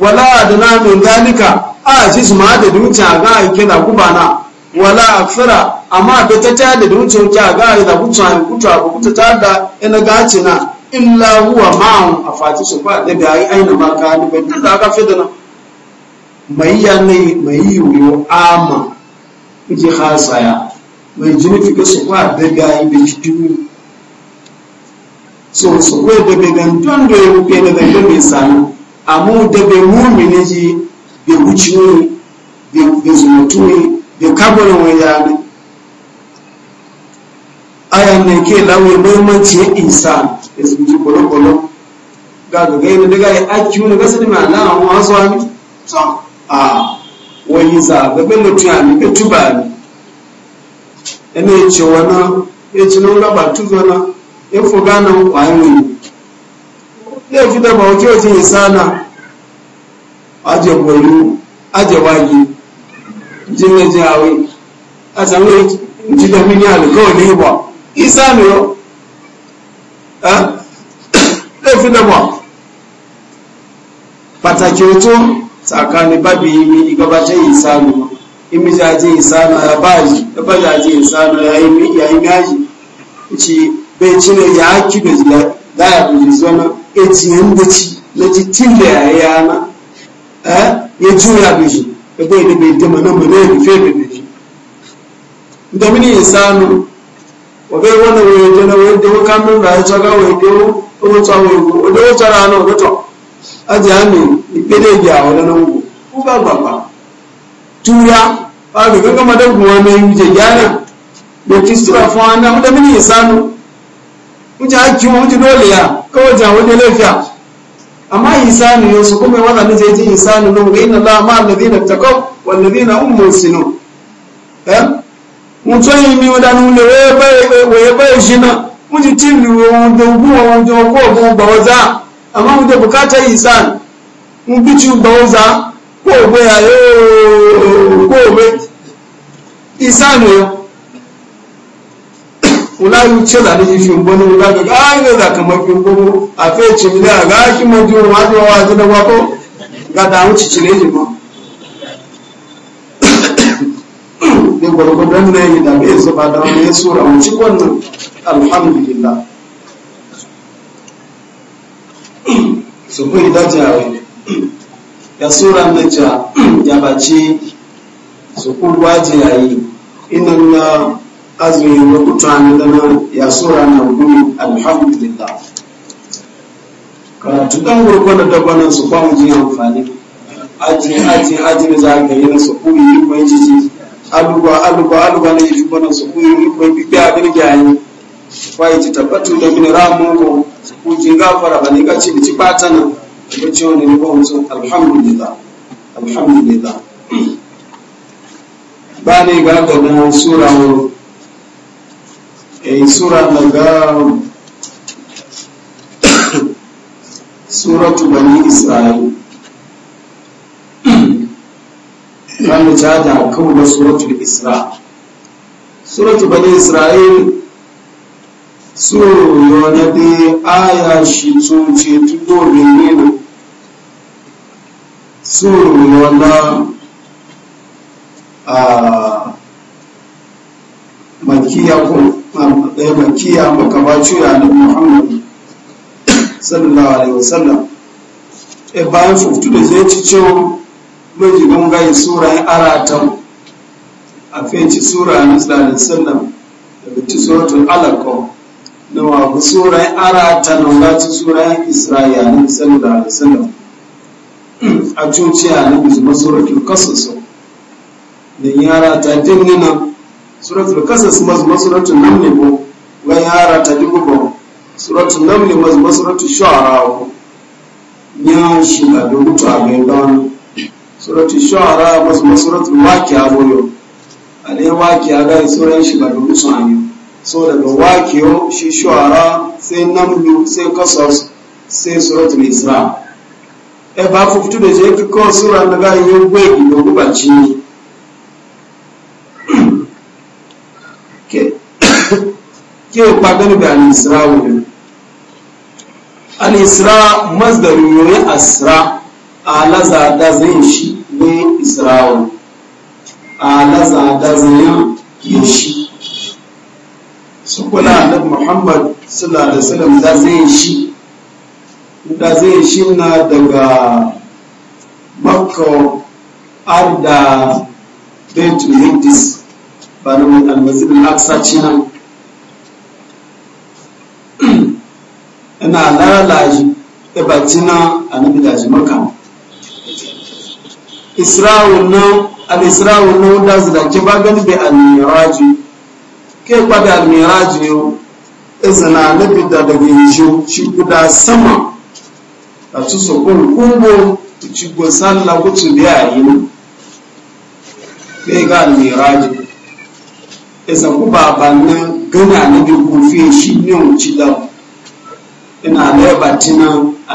wala adana min dalika a ji su ma da dukiya ga kina gubana wala akfara amma da ta ta da dukiya ga ga da kuta kuta kuta ta da ina na. illa huwa ma'ahum a fati su ba da bayi aina ma ka ni bai da ka fi da nan mai ya ne mai yiwu ama kuke ya mai jini fika su ba da bayi da shi so su ko da bai gantan da yau ke da bai da sanu Amu da bai ne ji bai wuce ne bai zumutu ne bai kabarin wani ayan ne ke lawe muhimmanci ya isa, ya su ji kwalokwalo ga ga gaida daga ya aki wani gasa ne mai ala'a wa wasu wani so a wani za ga bin mutum ya mi bitu ba yana ya ce wana ya ci nan gaba tuzana ya fi ganin kwayoyi ya fi da ba wake wace insana aje gwayo aje wagi jinna jawai a samu ji da min yi alkawali ba isa mi o ló fi dẹ́bọ̀ pàtàkì tó tsakani babu yi gaba ta yi sanu o imi ta yi o ya baji ya o ya yi gaji ci bai ci ne ya be da jila da ya zona e ci yan da ci na ji ya ye yana ya juya da shi ya bai da bai dama na be ya rufe da shi domin yi oge wanda wee je na wee dewo ka mbe mba ịchọ ga wee dewo ụtọ wee gwu odewo chọrọ anụ ụtọ aji amị ikpere gị ahụ na ngwu ụba gbagba tuya ba ga ga gama dan gwa mai yuje gyana da kisra fa na mu da mini sanu mu ji hakki mu ji dole ya kawai ja wani lafiya amma isanu ya su kuma wanda ne je ji isanu no ga inna la ma alladhina taqaw wal ladina hum muhsinun eh mutoyin mi wadanu le weye bai shi na muji tin mi wọn da ubu wọn da ọkọ ọgbọn ọgbà ọza àmọ mo jẹ bukata isan mo bí ti ọgbà ọza kó o gbé ayé kó o gbé isan yọ wọláyé tí fi ń bọ́ ní wọlá gbẹ̀gbẹ̀ á ń gbẹ̀dà kàn mọ́ fi ń bọ́ àfẹ́ ìtìmílẹ̀ àgbà kí mo di ohun àjọ wa àti lọ́wọ́ gwargwadon na yi da bai zuba da wani ya sura wuce wannan alhamdulillah su kuwa da jawe ya sura da ja ya bace su kuwa jayayi inan na azumin lokuta na nan ya sura na gudu alhamdulillah karatu dan gwargwadon da gwanan su kwamu jiya amfani Ajiye ajiye ajiye za ka yi na su kuwa yi kwanci aluba aluba aluba ne yi bana su kun yi ko bi ga bin gayi fa yi tabbatu da min ramu ko ku jin gafara ba ne ka ci ci batana ko ci wani ne ba mutum alhamdulillah alhamdulillah ba ne ga da na sura mu eh sura da ga suratu bani isra'il zamu caja kan wannan suratul isra suratul bani isra'il suru yana da aya shi tuce tudo ne suru yana a makiya ko ɗaya makiya ba ya na muhammadu sallallahu alaihi wasallam e bayan 52 zai ci cewa loji ban gayi surayen aratan a feci surayen islalin sallam da bitti suratul alakon na wabu surayen aratan na wajen surayen isra'ilin sallallahu alaihi sallam a cuciya na bijima suratul kasasu da yara ta dinnina suratul kasas mazuma suratul namni ko wani yara ta dubu suratul namni mazuma suratul shawara ko ya shiga da mutu a gaiba suratu shu'ara ba su suratu waqi'a boyo ale waqi'a ga suran shi ba da musu anyo so daga waqi'o shi shu'ara sai namlu sai qasas sai suratu isra e ba ku fito da je ki ko sura na ga yin gwegi da gubaci ke ke ba gani da al-isra al-isra masdaru yoyi asra alaza da zai shi ne isra'il alaza da zai yi shi su kuna annabi muhammad sallallahu alaihi wasallam da zai shi da zai shi na daga makka har betul baitul hindis ba mai almasir al-aqsa cinan ina lalaji ibatina a da ji makka isra'un nan al-isra'un nan da su da ke bagani bai na fita daga yanzu shi guda sama a ci sokon kungo ci gosan lagutu da ya yi ne ke ga al-miraji isa ku babannin gana na bi shi ne wuci ina laibatina a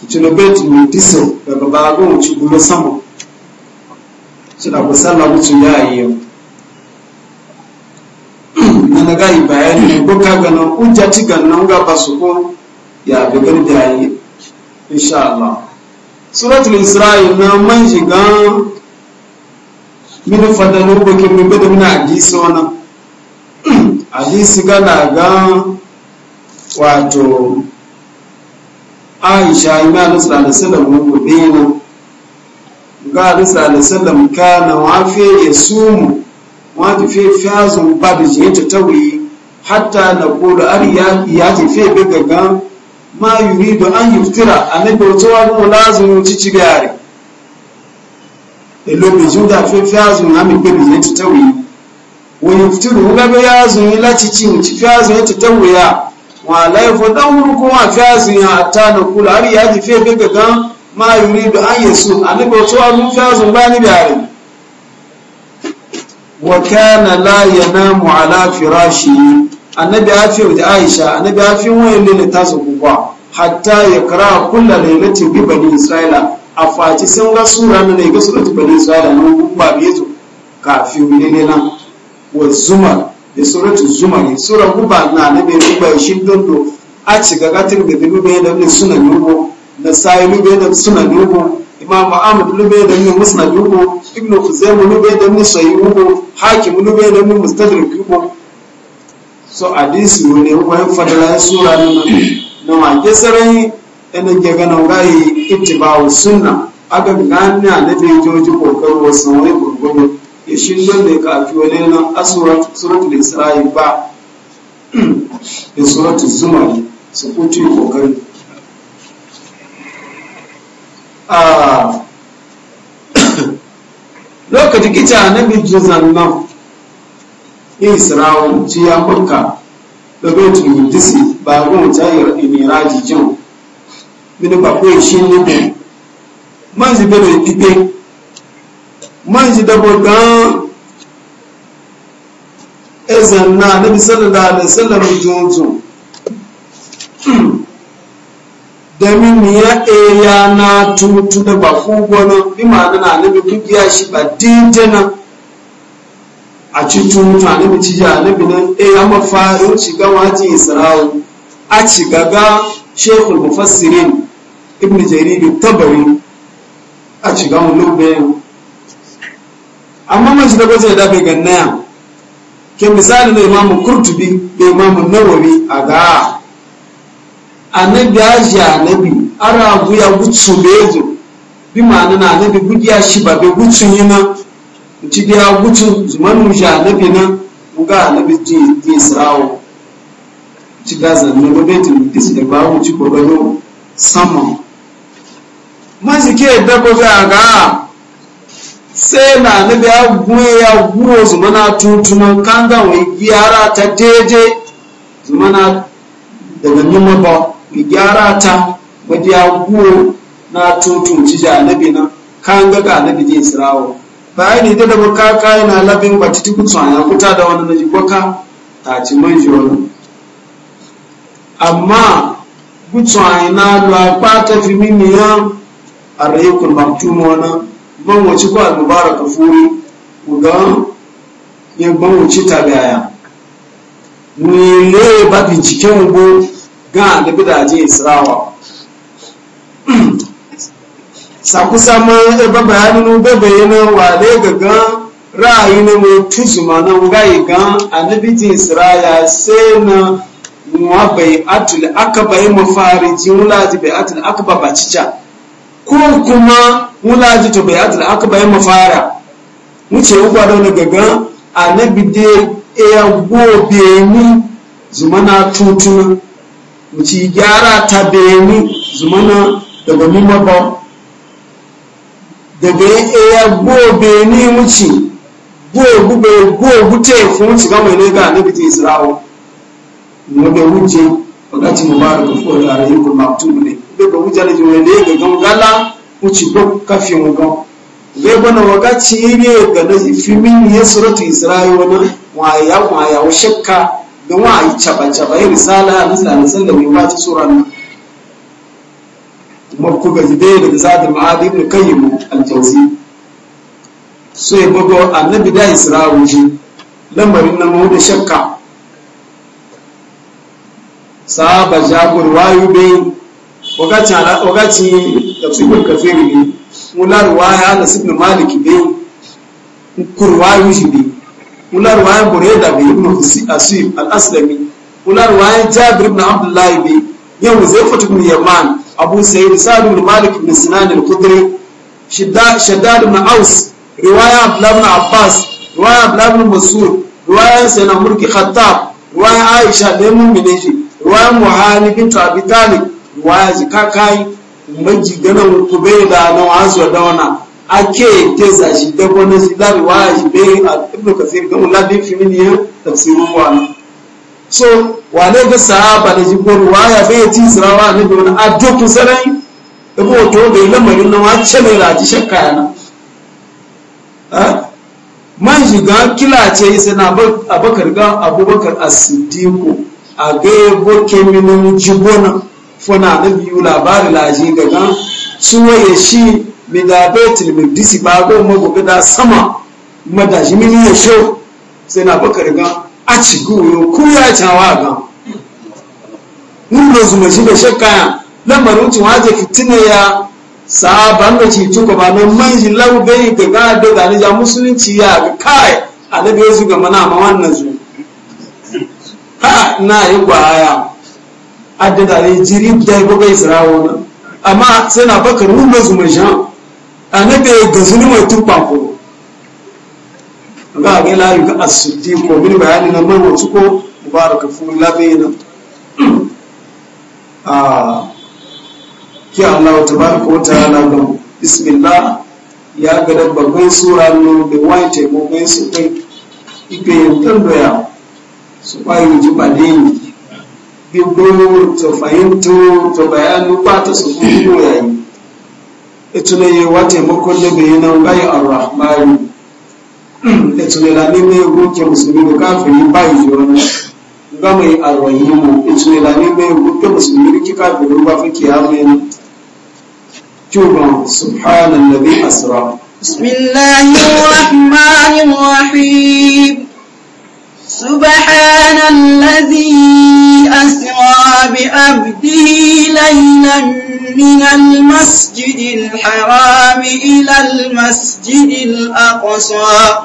kichilobeti ni diso daga baba yako chigumo sambo suna kusala mtu ya iyo na naga ibayani ne ko kaga uja tika na nga basuko ya begani ya yi insha Allah suratul isra'il na manji ga min fadalo ko ke mu bedo na hadisi wana ajisi ga na ga wato aisha ina da sallam rubu bena ga da sallam kana wafi wafe ya sumu wafe fe fiyazun ba ta tawi hatta na kula ar ya ke fe bi gaga ma yuri da an yi yuftira a na bauta wani wala ci ci gari elo bi da fi fiyazun na mi gbe jiye ta tawi wani yuftiru ga ga yazun ila cici ci fiyazun ya ta tawi ya walai fa dan hurku ma fiyasu ya hatta na kula har ya ji fe gaga gan ma da an yasu annabi to an fiyasu ba ni da rai wa kana la yanamu ala firashi annabi ya fi da aisha annabi ya fi wani lele ta su kuwa hatta ya kara kullu lailati bi bani isra'ila a faci sun ga sura na ne ga sura bani isra'ila nan ba biye to kafin lele nan wa zumar da zuma zumar sura guba na na bai guba shi dondo a ci ga gatin da bilu bai da ne suna yugo na sai lu bai da suna yugo imam ahmad lu bai da ne musna yugo ibn khuzaimah ni bai da ne sahih yugo hakim lu bai da ne mustadrak yugo so hadisi ne wani fadala sura ne na ma kesarai ina ga na gayi ittibawu sunna aga ganna na bai joji kokaro wasu wani gurgudu ishirin da ka afi wani nan a suratul isra'i ba da suratul zumar su kutu yi kokari a ah. lokacin kita na bijin zannan isra'un ci ya kurka da betul mudisi ba gun tayar iniraji jin mini ba kuwa shi ne manzi bere ipe man ji dabo gan ezan na nabi sallallahu alaihi wasallam junzu da min ya eya na tutu da ba ku gona bi ma na nabi kubiya shi ba dindina a cikin mutane mu ci ja nabi nan eh amma faru ci ga wati isra'u a ci gaga shaykhul mufassirin ibn jarir tabari a ci ga wani lobe amma man shi da kwace da bai ya ke misali da imamu kurtubi da imamu nawawi a ga annabi ya ji annabi arabu ya gutsu zo bi ma'ana na annabi ya shi ba bai gutsun yi na ci da ya gutsu zuman mu sha annabi na ga annabi ji ji sarawo ci da zanne ba bai tun disi da ba mu ci gobano sama man shi ke a ga sai na nabi ya guwe ya guwo zuma na tutunan kan ga wai gyara ta daidai zuma na daga nima ba mai gyara ta wadda ya guwo na tutun ci ja nabi na kan ga nabi je sirawo bayan da da baka kai na labin ba titi kutsu ya kuta da wani naji baka ta ci man wani amma kutsu na lo pa ta fi a arayikul maktum wani. man wace ko al-mubarak furi ga ya ban wace ta gaya ni le ba binciken go ga da bidaje israwa saku sama ba bayanin ba wa wale ga ga ra'ayi na mai tuzuma na gai ga anabijin israya sai na wa bai atul akaba yi mafariji wula ji bai atul akaba ba cica ko kuma mula ji ta bai atla aka bayan mafara wuce uba da wani gaga annabi dai ya gobe ni zumana tutuna wuce gyara ta beni zumana daga mimma ba daga ya gobe ni wuce gobe gobe te fun wuce gama ne ga annabi ta isra'o mu da wuce wakati mubarak fo la yukul maktub ne be ko wujala jo ne ga gon gala uci ko kafi mu gon be bana wakati ne ga na fi min ya suratu isra'i wana wa ya wa ya shakka don wa yi chaba chaba yi risala misali sallallahu alaihi wa sallam kuma ku ga jibe da zadul ma'adi ibn qayyim al-jawzi so ya bugo annabi da isra'i lamarin na mu da shakka sahaba jagor wayu be wakati ala wakati tafsirul kafiri ne mula ruwaya na sibn malik be kur wayu shi be mula ruwaya bureda be ibn asif al aslami mula ruwaya jabir ibn abdullah be yau zai fatu ibn yaman abu sayyid sa'd ibn malik ibn sinan al qudri shiddad shaddad ibn aus riwaya abdullah ibn abbas ruwaya abdullah ibn mas'ud riwaya sayyidina murki khattab ruwaya aisha da mu'minin shi wa muhali bintu abi talib wa ji kakai maji gana ku bai da na wazo da wana ake teza shi da gona shi da wa ji bai a ibnu kasir ga mun ladin fi min ya tafsirun wa so wa ne ga sahaba da ji wa ya bai ji sirawa ne da wani addu'a sarai da ko to da lamarin na wace ne raji shakka yana man shiga kila ce yi na abubakar as-siddiq a gaya boke minin jibona funa na biyu labari laji daga suwa ya shi midabetil disi ba go magoga da sama madaji mini ya sho sai na baka riga a ci guyo ku ya cawa ga nuna zuma shi da shakka lamarin cin fitina ya sabon da ci tuka ba nan manji lau bai gaga da gani musulunci ya ga kai annabi ya zuga mana ma wannan zuwa na yi kwaya a da ne jiri da ko bai tsira wani amma sai na baka rumba zumajan annabi ga mai tuba ko a ga la yi asudi ko min bayani na mai wasu ko mubarak fu labina a ki Allah tabaraka wa ta'ala ga bismillah ya ga dabba bai sura no be waite mo bai su kai ipe tandoya su kwayo ji ba dai gbogbo to fahimto to bayanu kwata su kuma yayi ituna yi wa taimakon da bai nan bai arrahmani ituna la ni mai goke musulmi kafin yi bayi yi wani ga mai mu, ituna la ni mai goke musulmi da kika gudu ba fi kiyama ne kuma subhanan nabi asra bismillahir rahmanir سبحان الذي أسرى بأبده ليلا من المسجد الحرام إلى المسجد الأقصى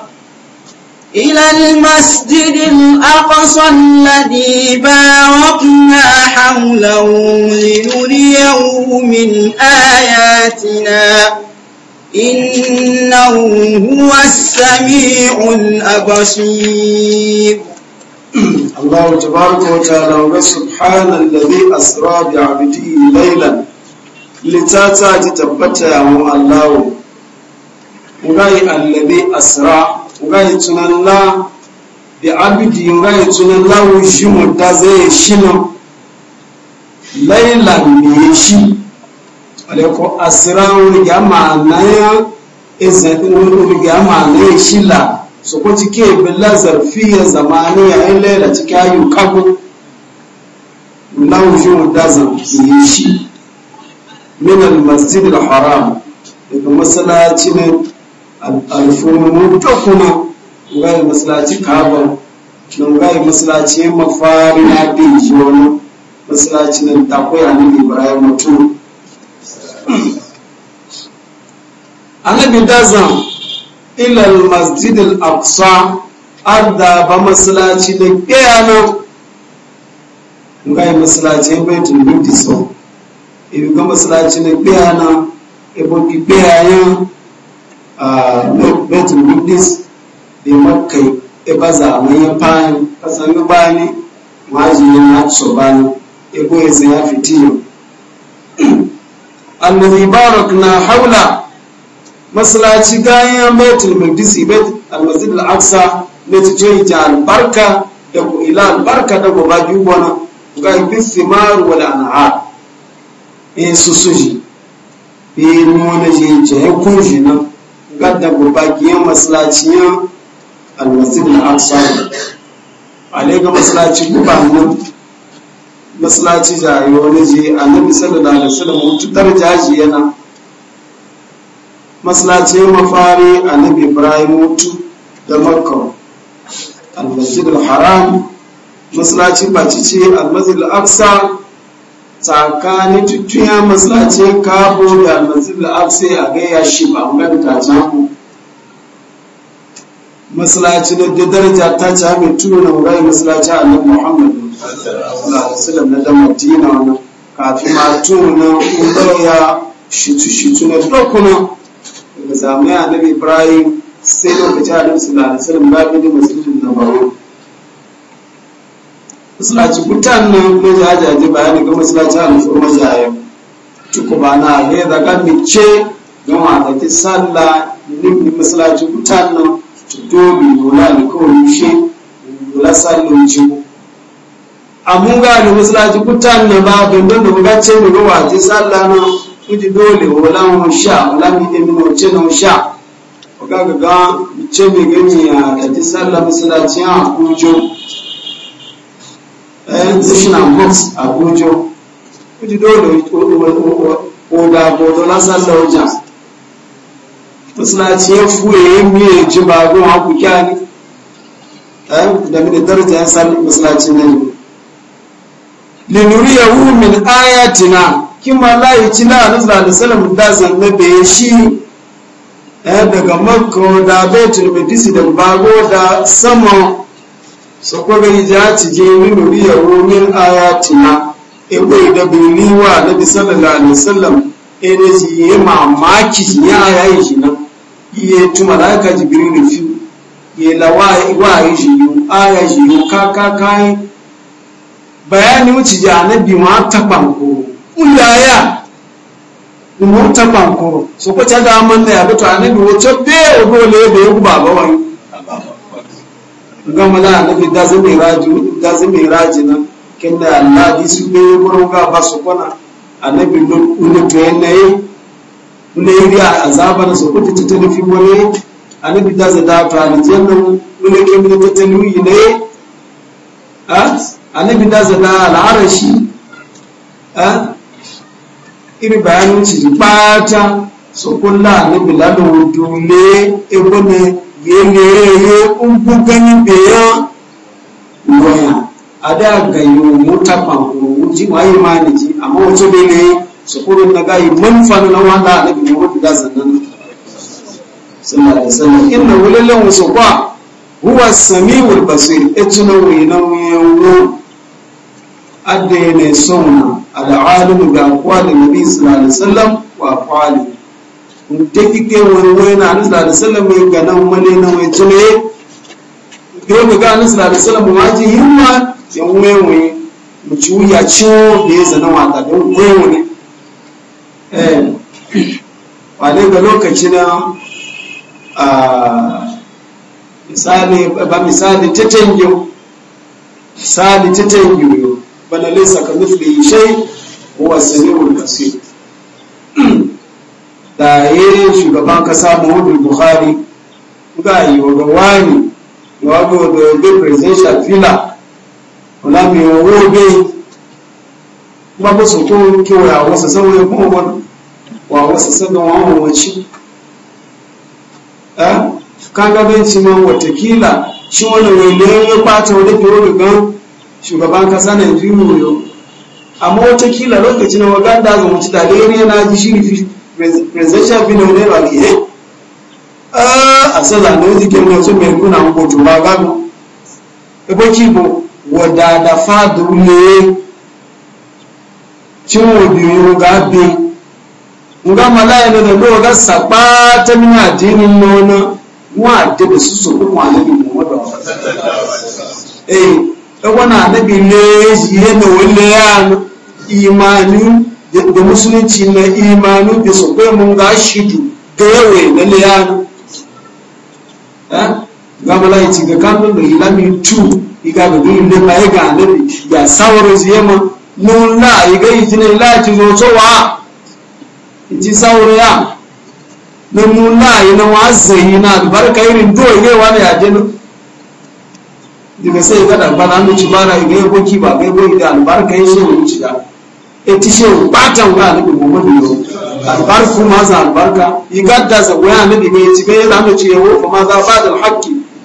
إلى المسجد الأقصى الذي باركنا حوله لنريه من آياتنا إنه هو السميع الأبصير الله تبارك وتعالى سبحان الذي أسرى بعبده ليلا لتاتا تتبتا الله وغاي الذي أسرى وغاي تنالا بعبده وغاي تنالا وشمو دازي شنو ليلا ميشي waleko asira wuriga maana ya e wuriga maana ya shila so ko cike zarfi ya zamani ya yin laila cike ayu kago mu wuce wadda zarfiye shi min almasjid alharam daga masalaci ne alfurumu ta kuma ngai masalaci kaba na ngai masalaci mafari na bin jiwonu masalaci ne takwai annabi ibrahim mutum annabi dazan ilal masjid al-aqsa adda ba masallaci da kiyana ngai masallaci baitul muqdis ibi ga masallaci na kiyana bo bi kiyaya a baitul dis da makkai e za mai ya fani kasan bani wajibi na tsobani ebo ezin ya fitiyo alladhi barakna haula masallaci gayan baitul maqdis bait almasjid al-aqsa ne ci ce ta albarka da ku ila albarka da ba ji bona ga bisimar wal an'am in su suji bi nuna je je kun ji nan ga da ku ba ki masallaci almasjid al-aqsa alai ga masallaci ku ba nan Masalaci da yi wani je da da da wasallam mutu daraja jaji yana masallaci mafari a nan ibrahim mutu da makka al-masjid al-haram masallaci bacici al-masjid al-aqsa tsakanin tuttuya masallaci kabo da al-masjid al-aqsa a gaya shi ba mu ga ta jamu masalaci da da daraja ta ci hami tuno na wurare masalaci a nan muhammad sallam na da madina wani kafin ma tuno na umar ya shitu-shitu na dokuna daga zamai a nabi ibrahim sai lokacin a nabi sallam sallam ba bi da masallacin na baro masalaci mutane nan na jajaje bayani ga masalaci a nufin tuku tukuba na ne daga mice gama da ki sallah ni masalacin butan nan tutobi lola alkawari shi lola sallon ciwo amun ga da musulaci kutan na ba dundun da buga ce daga waje sallah na kuji dole wala mu sha wala mi emi na wace na sha ga ga ga ce mai gani a kaji sallah musulaci a dole ko da ko to suna ciye fuye miye ji ba gun haku kyani eh, da mini daraja ya sami masalacin nan linuriyahu min ayatina kima layi ci na anisa da salam da zanne bai shi eh, daga makka da baitul madisi da bago da sama su kuma ya ci je linuriyahu min ayatina ebe da biliwa na bisallallahu da salam ene si ye mamaki si aya yayi shi nan ye tu malaika jibril fi ye lawa wa yi shi yu aya shi yu ka ka kai bayani wuci ya nabi ma ta banko ulaya mu ta banko so ko ta da man da ya to anabi wato be o dole be ku baba wani ga mala anabi da zai mai raji da zai mai raji nan kenda Allah di su be gurin ga basu kona annabi lutu yana naye ne yi a azaba na sokuta ta tanufi wani annabi da za da ta alijiyar nan nuna kemgbe ta tanuyi ne annabi da za da al'arashi iri bayanin ci bata sokola annabi lalun dole ebe ne yele yele ungbuganin beyan lọ́yàn ada gayo mota pankuru ji waye mani ji amma wato bai ne su kurun na gayi man fana na wanda na bi mutu da sannan sallallahu alaihi wasallam inna wulalan wasu kwa huwa samiul basir etuna wina wiyo adda ne sunna ala alimu ga kwalin nabi sallallahu alaihi wasallam wa kwali da kike wani wani na annabi sallallahu alaihi wasallam mai ganan mane na mai tune ko ga annabi sallallahu alaihi wasallam ma ji himma Mu sai wewe mchuya chuo beza na wata don wewe ne eh wale ga lokaci na a ah, misali ba misali tetenjo misali tetenjo bana laysa kamithlihi shay huwa samiul basir da yayin shugaban kasa Muhammadu Buhari ga yi wa wani wa ga presidential filler lábẹ́ owó gbé gbábọ́sọ̀ tó kí wọ́n àwọn sẹ̀sẹ̀ wọ́n ẹgbọ́n wọn wọ́n àwọn sẹ̀sẹ̀ gan wọn àwọn wọ́n ṣí ẹ́ kanga benci ma watakila shi wani wanda ya kwata wani kiro gan shugaban kasa Najeriya yau amma watakila lokaci na waganda ga mutu da gari yana ji shi ne presidential bin ba ne a sallah ne wajen kemgbe su mai nuna ko juma gano wadada fadru ne cin wobiru ga bi nga malaya ne da lo ga sapa ta min addinin nono wa de su su ko wa nabi muhammadu eh e wana nabi ne yiye ne wole ya no, imani da musulunci na imani de su ko mun ga shidu da yawe na liyana gamala ya ci ga kanun da ilami tu iga ga gini ne ba ga ne ya ma. ziyama nula iga yijine la ci zo so wa ji sauro ya na yi na wa zai na albarka irin do iga wa ya jinu daga sai ga dan bana mu ci bara iga yi, goki ba ga ko da albarka ya so mu ci da e ti shehu batan ga annabi Muhammadu yo albarku kuma za albarka iga da za ne da ga ci ga ya zamu ci yawo fa ma za ba da haƙƙi.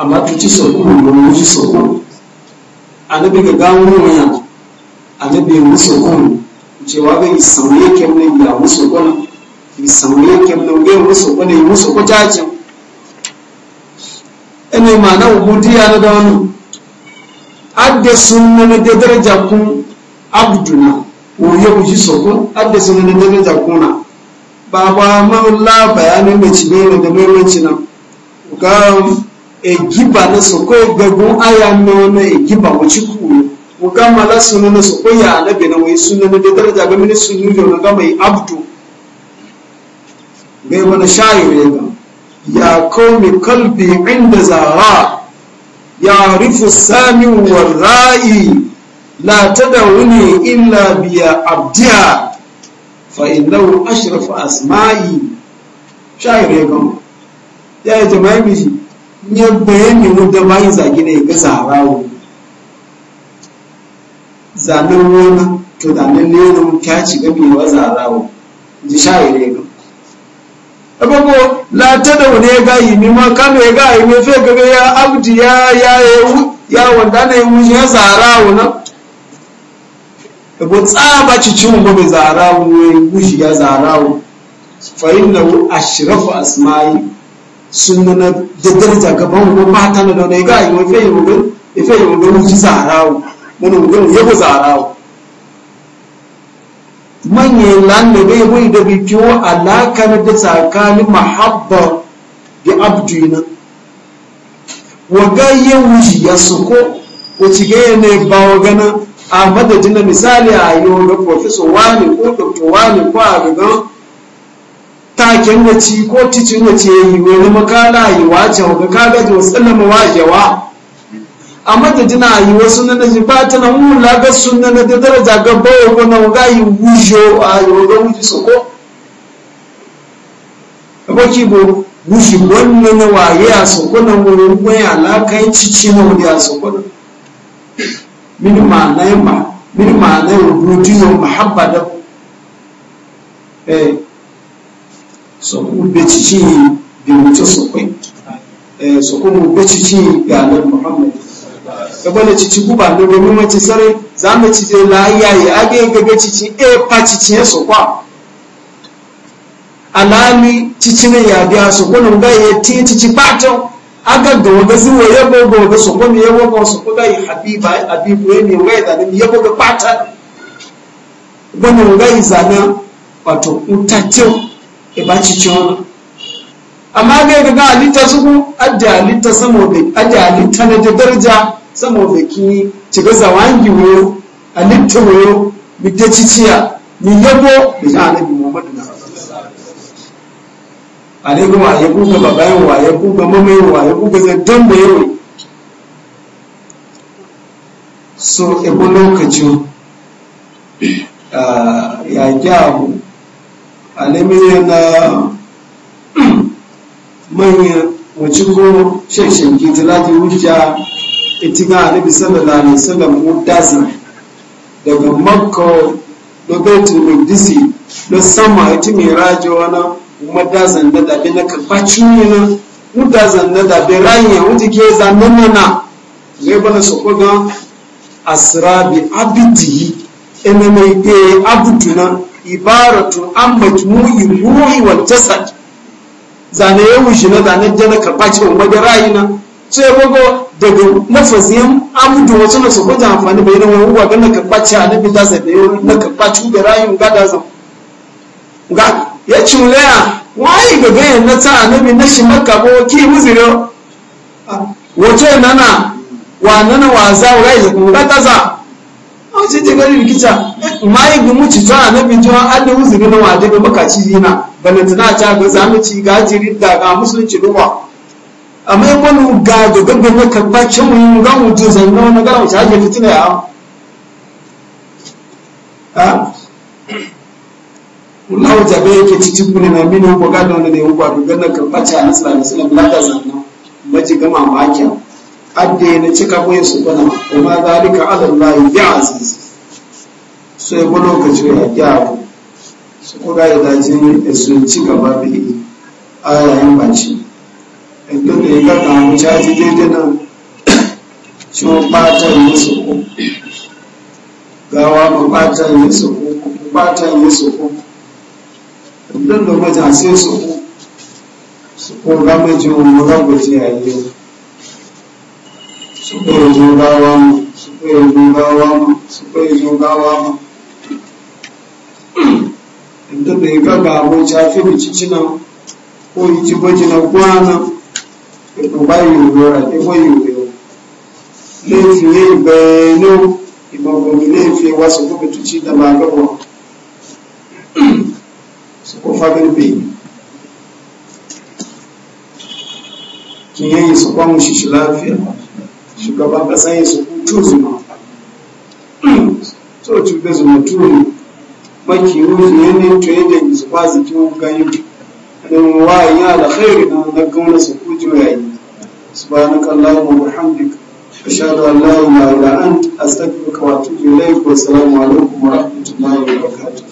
amma tuci soko ba mu ji soko annabi ga gawo mu ya annabi mu cewa ga sauye kemne ya mu soko na ki sauye kemne ga mu soko ne mu soko jajin ene ma na ubudiya na da wani adda sunna ne da daraja kun abduna wuriya ku ji soko adda sunna na daraja kuna baba mawla bayanin mai cibe da mai mai ga egiba na soko egbegu aya nona egiba wachikuru la suna na soko ya anabe na wai suna na da daraja ga mini sunu da na gama yi abdu bai wani shayi ya ga ya komi kalbi inda zara ya rufu sami warra'i la wuni illa biya abdiya fa innahu ashrafu asma'i shayi ya ga ya jama'i mishi nye bayani wadda bayan zagi ne ga zarawo zanen wani to da nan ne na kya ci gabi wa zarawo ji shayire ga abubu la ta da wani ya gayi mi ma kano ya gayi mi fe gabe ya abdi ya ya ya wanda ne mu ya zarawo na abu tsaba ci cin mu bai zarawo ne shi ya zarawo fa innahu ashrafu asma'i suna na daddarja gaban ko mata na dauna ga yi wafe yi wafe ife yi wafe wuce zarawo mana wafe yabo zarawo manyan lalle bai bai da bi kiwo alakar da tsakanin mahabba da abdina wa ga yawuji ya suko wace ga yana ba wa gana a madadin misali a yi wa ga professor wani ko doctor wani ko a gaban a kenga ci ko tici wace yi wani makala yi wace wa ka sallama wa jawa amma da jina yi wasu na naji ba ta na mun ga sunna na da daraja ga bawo ko na ga yi wujo a yi wa so ko ko ki bo wuji wannan na waye a soko na wani wani alakai cici na wani a soko na min na yi ma min na yi rubutu yin mahabba da eh sọkún bẹ́tìtì bẹ̀rùtọ́ sọkún sọkún bẹ́tìtì gàlẹ́ muhammad gabana cici guba ne domin mu ci dai lahiya ya age gaga cici e pa cici ya sokwa alami cici ne ya biya su kunun ga ya ti cici pato aga ga waga zuwa ya gogo ga su kuma ya gogo su kuma ya habiba habibu ya ne wai da ya gogo pata gwani waga izana wato utatiyar e ba ci ci wani amma ga ga ga halitta su ku ajiye halitta sama bai ajiye halitta na da daraja sama bai ki ci ga zawangi wayo halitta wayo bi ta ciciya ni yabo bi ta annabi muhammadu na alaikum wa ya kuka babayin wa ya kuka mamayin wa ya kuka zaddan da yawai so ebo lokacin ah, ya gyaru alamiyar na uh, manyan wacce ko shakshen ke talata wujja ita ga annabi sallallahu alaihi wasallam mutasa daga makka da baitul maqdisi da sama ita mai rajo wani mutasa da dabe na karbaci ne mutasa da dabe ranya wuce ke zanen na zai bana su kuga asra bi abidihi ina mai na. ibaratu an majmu'i ruhi wal jasad zane ya wuce na zane jana karɓa ce wa madarayi na ce gogo daga mafaziyan amudu wasu na sokoji amfani bai nan wani wagan na karɓa ce a na bi lasa da yau na karɓa ci da rayun gada zan ga ya ci wulaya wayi ga gayan na ta anabi na shi maka ko ki muzira wato nana wa nana wa za wa ga ta za ci ti gari rikica ma yi gumu ci zuwa na bijuwa an da wuzuri na waje da makaci zina balantana ta ga zama ci jirin ridda ga musulunci ruwa amma yi wani ga gagaggar na karba ce mu yi gan wuce zanna wani gara wuce hajji fitina ya ha wallahu bai yake cikin kuni na mini hukwa gada wani da ya hukwa dogon na karba a nasarar da sunan lada zanna maji gama makiya adde na cika boye su bana kuma zalika ala Allah bi aziz so ya bu lokaci ya gyaru su ko ga da jin da su ci gaba da yi a yayin baci idan da ya ga mu ci caji daidai nan shi mu bata yi su ko gawa mu bata yi su ko bata yi su ko idan da majalisa su ko su ko ga mu ji mu ga guje yayi sukwai zo gawa mu sukwai zo gawa mu sukwai zo gawa mu da bai ga babu shafi mu cici nan ko yi ci baji na ba yi yora da yi yora yi wasu kuma tuci da ba gawa su ko kwamu shi shi lafiya shugaban kasa ya su hutu zuma so ci ga zuma tuni maki wuce yanayin to yadda su ba su kiwo ganyu don wayan ya da khairi na na gauna su hutu yayi subhanaka allahumma wa bihamdika ashhadu an la ilaha illa anta astaghfiruka wa atubu ilayk wa alaikum wa rahmatullahi wa barakatuh